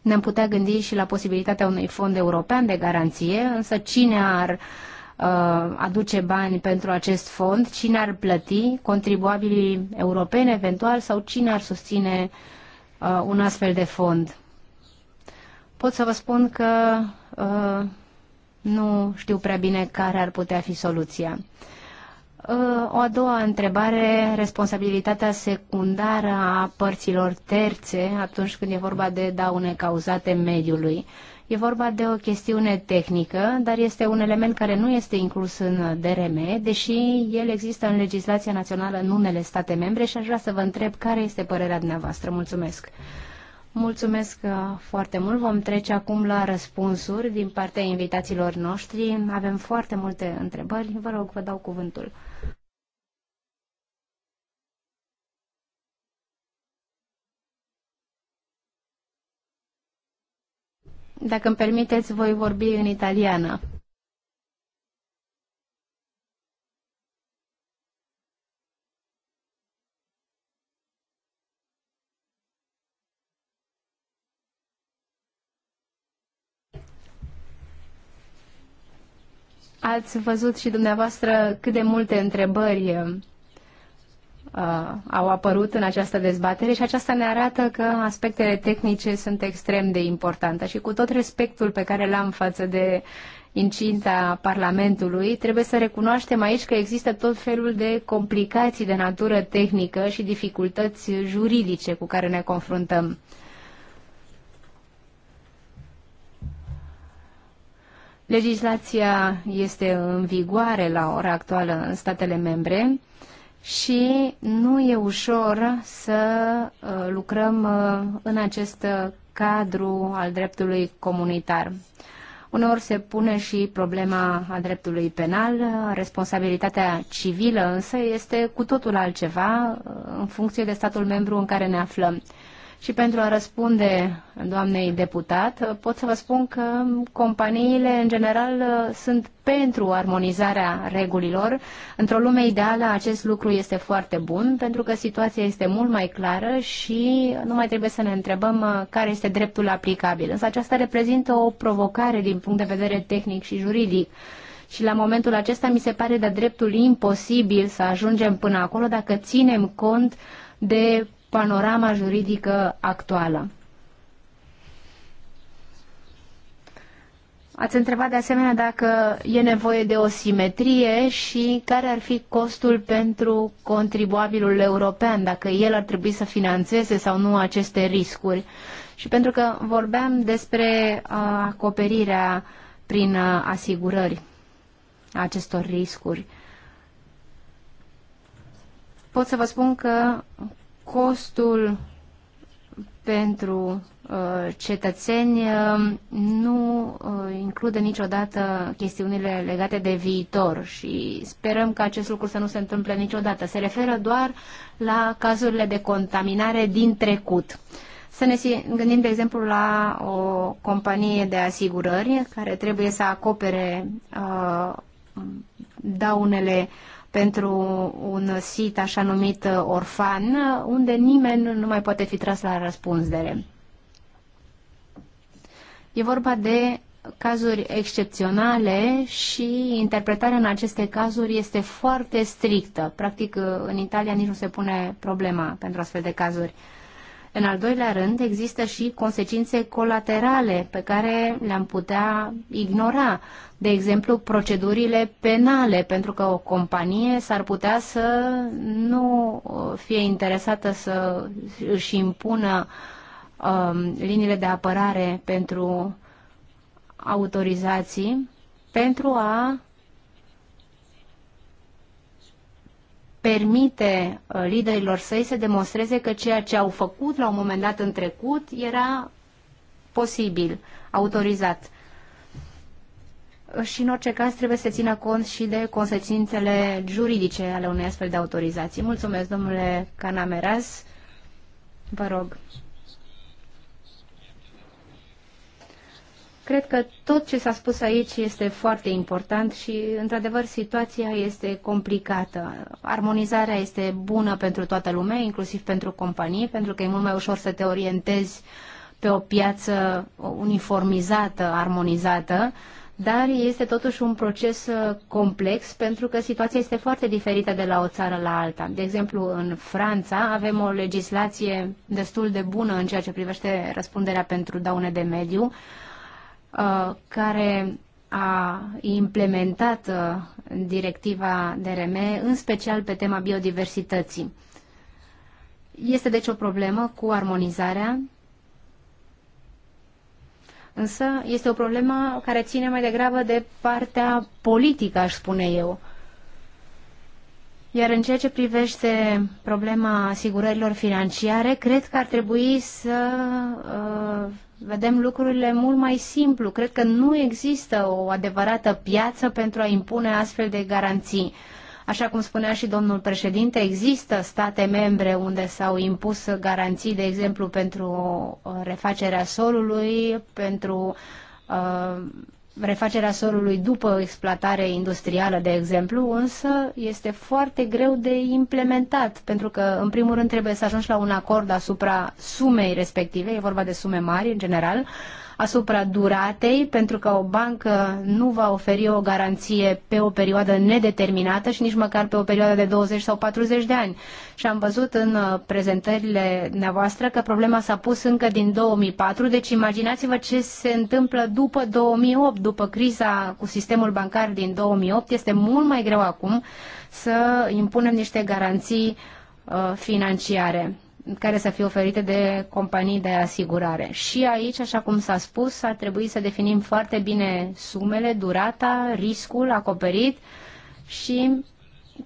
Ne-am putea gândi și la posibilitatea unui fond european de garanție, însă cine ar uh, aduce bani pentru acest fond, cine ar plăti, contribuabilii europeni eventual sau cine ar susține un astfel de fond. Pot să vă spun că nu știu prea bine care ar putea fi soluția. Uh, o a doua întrebare, responsabilitatea secundară a părților terțe atunci când e vorba de daune cauzate mediului. E vorba de o chestiune tehnică, dar este un element care nu este inclus în DRM, deși el există în legislația națională în unele state membre și aș vrea să vă întreb care este părerea dumneavoastră. Mulțumesc! Mulțumesc uh, foarte mult. Vom trece acum la răspunsuri din partea invitaților noștri. Avem foarte multe întrebări. Vă rog, vă dau cuvântul. Dacă îmi permiteți, voi vorbi în italiană. ați văzut și dumneavoastră cât de multe întrebări uh, au apărut în această dezbatere și aceasta ne arată că aspectele tehnice sunt extrem de importante și cu tot respectul pe care l-am față de incinta Parlamentului, trebuie să recunoaștem aici că există tot felul de complicații de natură tehnică și dificultăți juridice cu care ne confruntăm. Uh, Legislația este în vigoare la ora actuală în statele membre și nu e ușor să uh, lucrăm uh, în acest cadru al dreptului comunitar. Uneori se pune și problema a dreptului penal, responsabilitatea civilă însă este cu totul altceva uh, în funcție de statul membru în care ne aflăm. Și pentru a răspunde doamnei deputat, pot să vă spun că companiile, în general, sunt pentru armonizarea regulilor. Într-o lume ideală, acest lucru este foarte bun, pentru că situația este mult mai clară și nu mai trebuie să ne întrebăm uh, care este dreptul aplicabil. Însă aceasta reprezintă o provocare din punct de vedere tehnic și juridic și la momentul acesta mi se pare de dreptul imposibil să ajungem până acolo dacă ținem cont de panorama juridică actuală. Ați întrebat de asemenea dacă e nevoie de o simetrie și care ar fi costul pentru contribuabilul european, dacă el ar trebui să financeze sau nu aceste riscuri. Și pentru că vorbeam despre acoperirea prin asigurări acestor riscuri, pot să vă spun că costul pentru uh, cetățeni um, nu uh, include niciodată chestiunile legate de viitor și sperăm că acest lucru să nu se întâmple niciodată. Se referă doar la cazurile de contaminare din trecut. Să ne gândim, de exemplu, la o companie de asigurări care trebuie să acopere uh, daunele uh, pentru un sit așa numit uh, orfan, unde nimeni nu mai poate fi tras la răspundere. E vorba de cazuri excepționale și interpretarea în aceste cazuri este foarte strictă. Practic, uh, în Italia nici nu se pune problema pentru astfel de cazuri. Uh, în al doilea rând, există și consecințe colaterale pe care le-am putea ignora. De exemplu, procedurile penale, pentru că o companie s-ar putea să nu fie interesată să își impună um, liniile de apărare pentru autorizații, pentru a permite uh, liderilor săi să demonstreze că ceea ce au făcut la un moment dat în trecut era posibil, autorizat. Și în orice caz trebuie să țină cont și de consecințele juridice ale unei astfel de autorizații. Mulțumesc, domnule Canameras. Vă rog. Cred că tot ce s-a spus aici este foarte important și, într-adevăr, situația este complicată. Armonizarea este bună pentru toată lumea, inclusiv pentru companii, pentru că e mult mai ușor să te orientezi pe o piață uniformizată, armonizată, dar este totuși un proces uh, complex pentru că situația este foarte diferită de la o țară la alta. De exemplu, în Franța avem o legislație destul de bună în ceea ce privește răspunderea pentru daune de mediu, Uh, care a implementat uh, directiva DRM, în special pe tema biodiversității. Este deci o problemă cu armonizarea, însă este o problemă care ține mai degrabă de partea politică, aș spune eu. Iar în ceea ce privește problema asigurărilor financiare, cred că ar trebui să uh, vedem lucrurile mult mai simplu. Cred că nu există o adevărată piață pentru a impune astfel de garanții. Așa cum spunea și domnul președinte, există state membre unde s-au impus garanții, de exemplu, pentru uh, refacerea solului, pentru uh, refacerea solului după exploatare industrială, de exemplu, însă este foarte greu de implementat, pentru că, în primul rând, trebuie să ajungi la un acord asupra sumei respective, e vorba de sume mari, în general, uh, asupra duratei, pentru că o bancă nu va oferi o garanție pe o perioadă nedeterminată și nici măcar pe o perioadă de 20 sau 40 de ani. Și am văzut în uh, prezentările dumneavoastră că problema s-a pus încă din 2004, deci imaginați-vă ce se întâmplă după 2008, după criza cu sistemul bancar din 2008. Este mult mai greu acum să impunem niște garanții uh, financiare care să fie oferite de companii de asigurare. Și aici, așa cum s-a spus, ar trebui să definim foarte bine sumele, durata, riscul acoperit și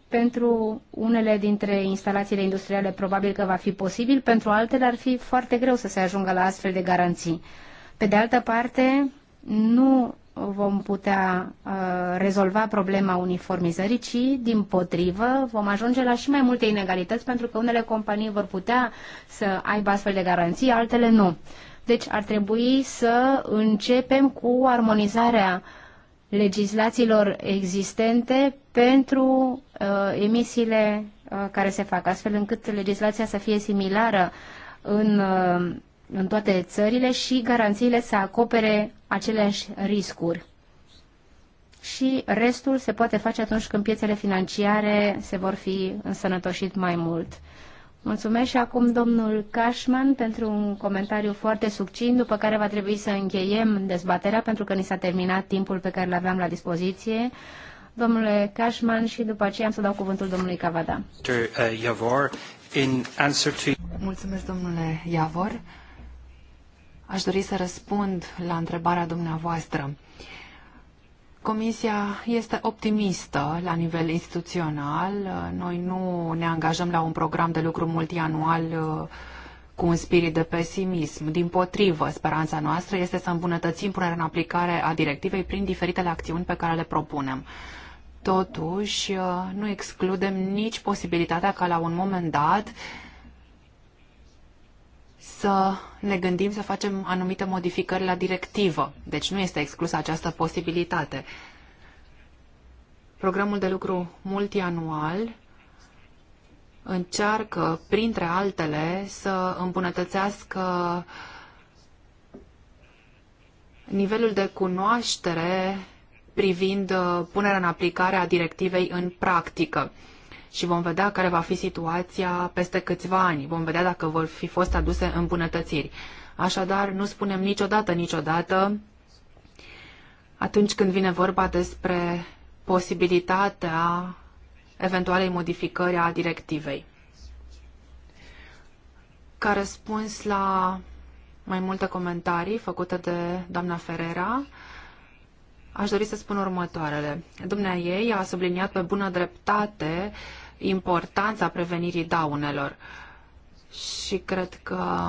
pentru unele dintre instalațiile industriale probabil că va fi posibil, pentru altele ar fi foarte greu să se ajungă la astfel de garanții. Pe de altă parte, nu vom putea uh, rezolva problema uniformizării, ci, din potrivă, vom ajunge la și mai multe inegalități, pentru că unele companii vor putea să aibă astfel de garanții, altele nu. Deci ar trebui să începem cu armonizarea legislațiilor existente pentru uh, emisiile uh, care se fac, astfel încât legislația să fie similară în uh, în toate țările și garanțiile să acopere aceleași riscuri. Și restul se poate face atunci când piețele financiare se vor fi însănătoșit mai mult. Mulțumesc și acum domnul Cashman pentru un comentariu foarte succint, după care va trebui să încheiem dezbaterea pentru că ni s-a terminat timpul pe care l aveam la dispoziție. Domnule Cashman și după aceea am să dau cuvântul domnului Cavada. Uh, Mulțumesc, domnule Iavor. Aș dori să răspund la întrebarea dumneavoastră. Comisia este optimistă la nivel instituțional. Noi nu ne angajăm la un program de lucru multianual uh, cu un spirit de pesimism. Din potrivă, speranța noastră este să îmbunătățim punerea în aplicare a directivei prin diferitele acțiuni pe care le propunem. Totuși, uh, nu excludem nici posibilitatea ca la un moment dat să ne gândim să facem anumite modificări la directivă. Deci nu este exclusă această posibilitate. Programul de lucru multianual încearcă, printre altele, să îmbunătățească nivelul de cunoaștere privind uh, punerea în aplicare a directivei în practică și vom vedea care va fi situația peste câțiva ani. Vom vedea dacă vor fi fost aduse îmbunătățiri. Așadar, nu spunem niciodată, niciodată, atunci când vine vorba despre posibilitatea eventualei modificări a directivei. Ca răspuns la mai multe comentarii făcute de doamna Ferrera, Aș dori să spun următoarele. Dumnea ei a subliniat pe bună dreptate importanța prevenirii daunelor și cred că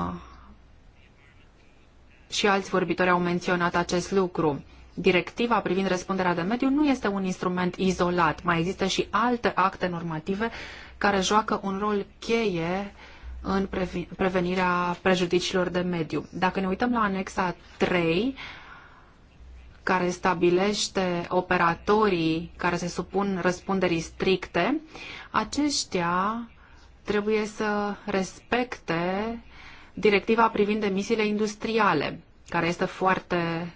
și alți vorbitori au menționat acest lucru. Directiva privind răspunderea de mediu nu este un instrument izolat. Mai există și alte acte normative care joacă un rol cheie în prevenirea prejudiciilor de mediu. Dacă ne uităm la anexa 3, care stabilește operatorii care se supun răspunderii stricte, aceștia trebuie să respecte directiva privind emisiile industriale, care este foarte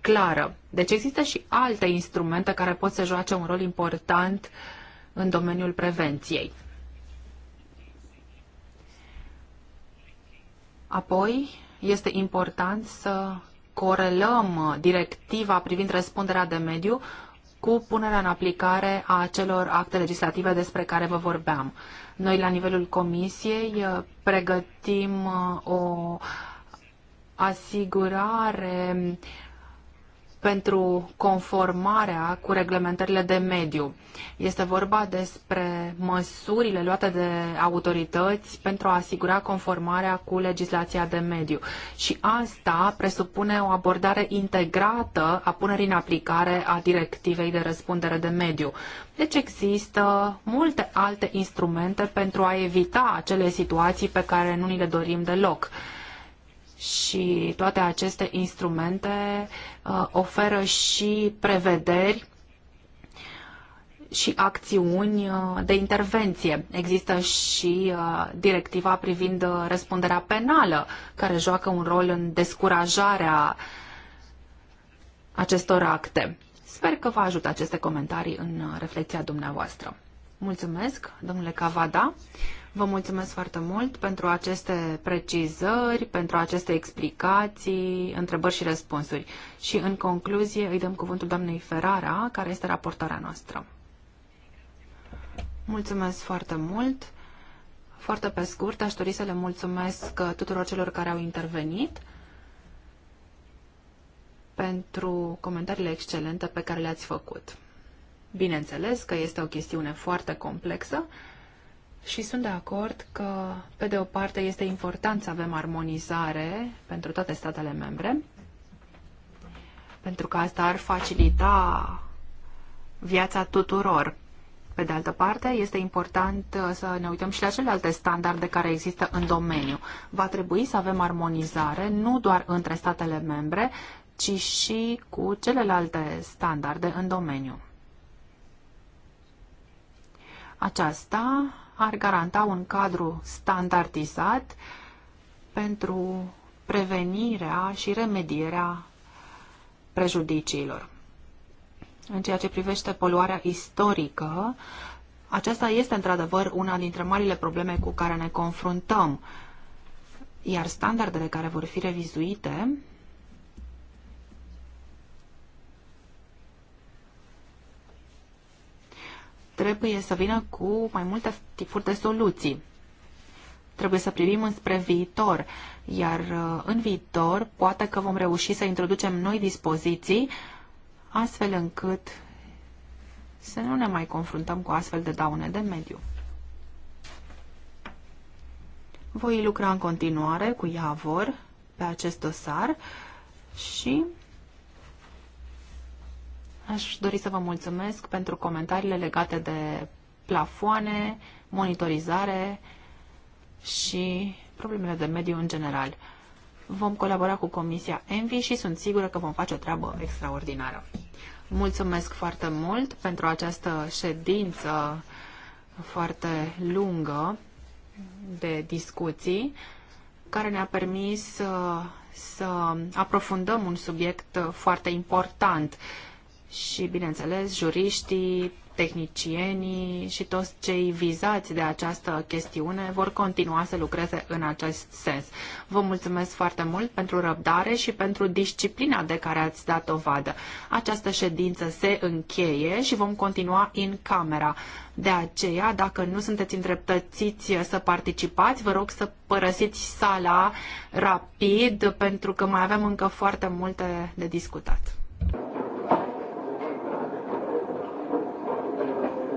clară. Deci există și alte instrumente care pot să joace un rol important în domeniul prevenției. Apoi, este important să corelăm uh, directiva privind răspunderea de mediu cu punerea în aplicare a acelor acte legislative despre care vă vorbeam. Noi, la nivelul Comisiei, uh, pregătim uh, o asigurare pentru conformarea cu reglementările de mediu. Este vorba despre măsurile luate de autorități pentru a asigura conformarea cu legislația de mediu. Și asta presupune o abordare integrată a punerii în aplicare a directivei de răspundere de mediu. Deci există multe alte instrumente pentru a evita acele situații pe care nu ni le dorim deloc și toate aceste instrumente uh, oferă și prevederi și acțiuni uh, de intervenție. Există și uh, directiva privind răspunderea penală, care joacă un rol în descurajarea acestor acte. Sper că vă ajută aceste comentarii în reflexia dumneavoastră. Mulțumesc, domnule Cavada. Vă mulțumesc foarte mult pentru aceste precizări, pentru aceste explicații, întrebări și răspunsuri. Și în concluzie îi dăm cuvântul doamnei Ferrara, care este raportarea noastră. Mulțumesc foarte mult. Foarte pe scurt, aș dori să le mulțumesc tuturor celor care au intervenit pentru comentariile excelente pe care le-ați făcut. Bineînțeles că este o chestiune foarte complexă, și sunt de acord că, pe de o parte, este important să avem armonizare pentru toate statele membre, pentru că asta ar facilita viața tuturor. Pe de altă parte, este important uh, să ne uităm și la celelalte standarde care există în domeniu. Va trebui să avem armonizare nu doar între statele membre, ci și cu celelalte standarde în domeniu. Aceasta ar garanta un cadru standardizat pentru prevenirea și remedierea prejudiciilor. În ceea ce privește poluarea istorică, aceasta este într-adevăr una dintre marile probleme cu care ne confruntăm, iar standardele care vor fi revizuite trebuie să vină cu mai multe tipuri de soluții. Trebuie să privim înspre viitor, iar uh, în viitor poate că vom reuși să introducem noi dispoziții astfel încât să nu ne mai confruntăm cu astfel de daune de mediu. Voi lucra în continuare cu Iavor pe acest dosar și Aș dori să vă mulțumesc pentru comentariile legate de plafoane, monitorizare și problemele de mediu în general. Vom colabora cu Comisia Envi și sunt sigură că vom face o treabă extraordinară. Mulțumesc foarte mult pentru această ședință foarte lungă de discuții care ne-a permis să, uh, să aprofundăm un subiect foarte important și, bineînțeles, juriștii, tehnicienii și toți cei vizați de această chestiune vor continua să lucreze în acest sens. Vă mulțumesc foarte mult pentru răbdare și pentru disciplina de care ați dat o vadă. Această ședință se încheie și vom continua în camera. De aceea, dacă nu sunteți îndreptățiți să participați, vă rog să părăsiți sala rapid pentru că mai avem încă foarte multe de discutat.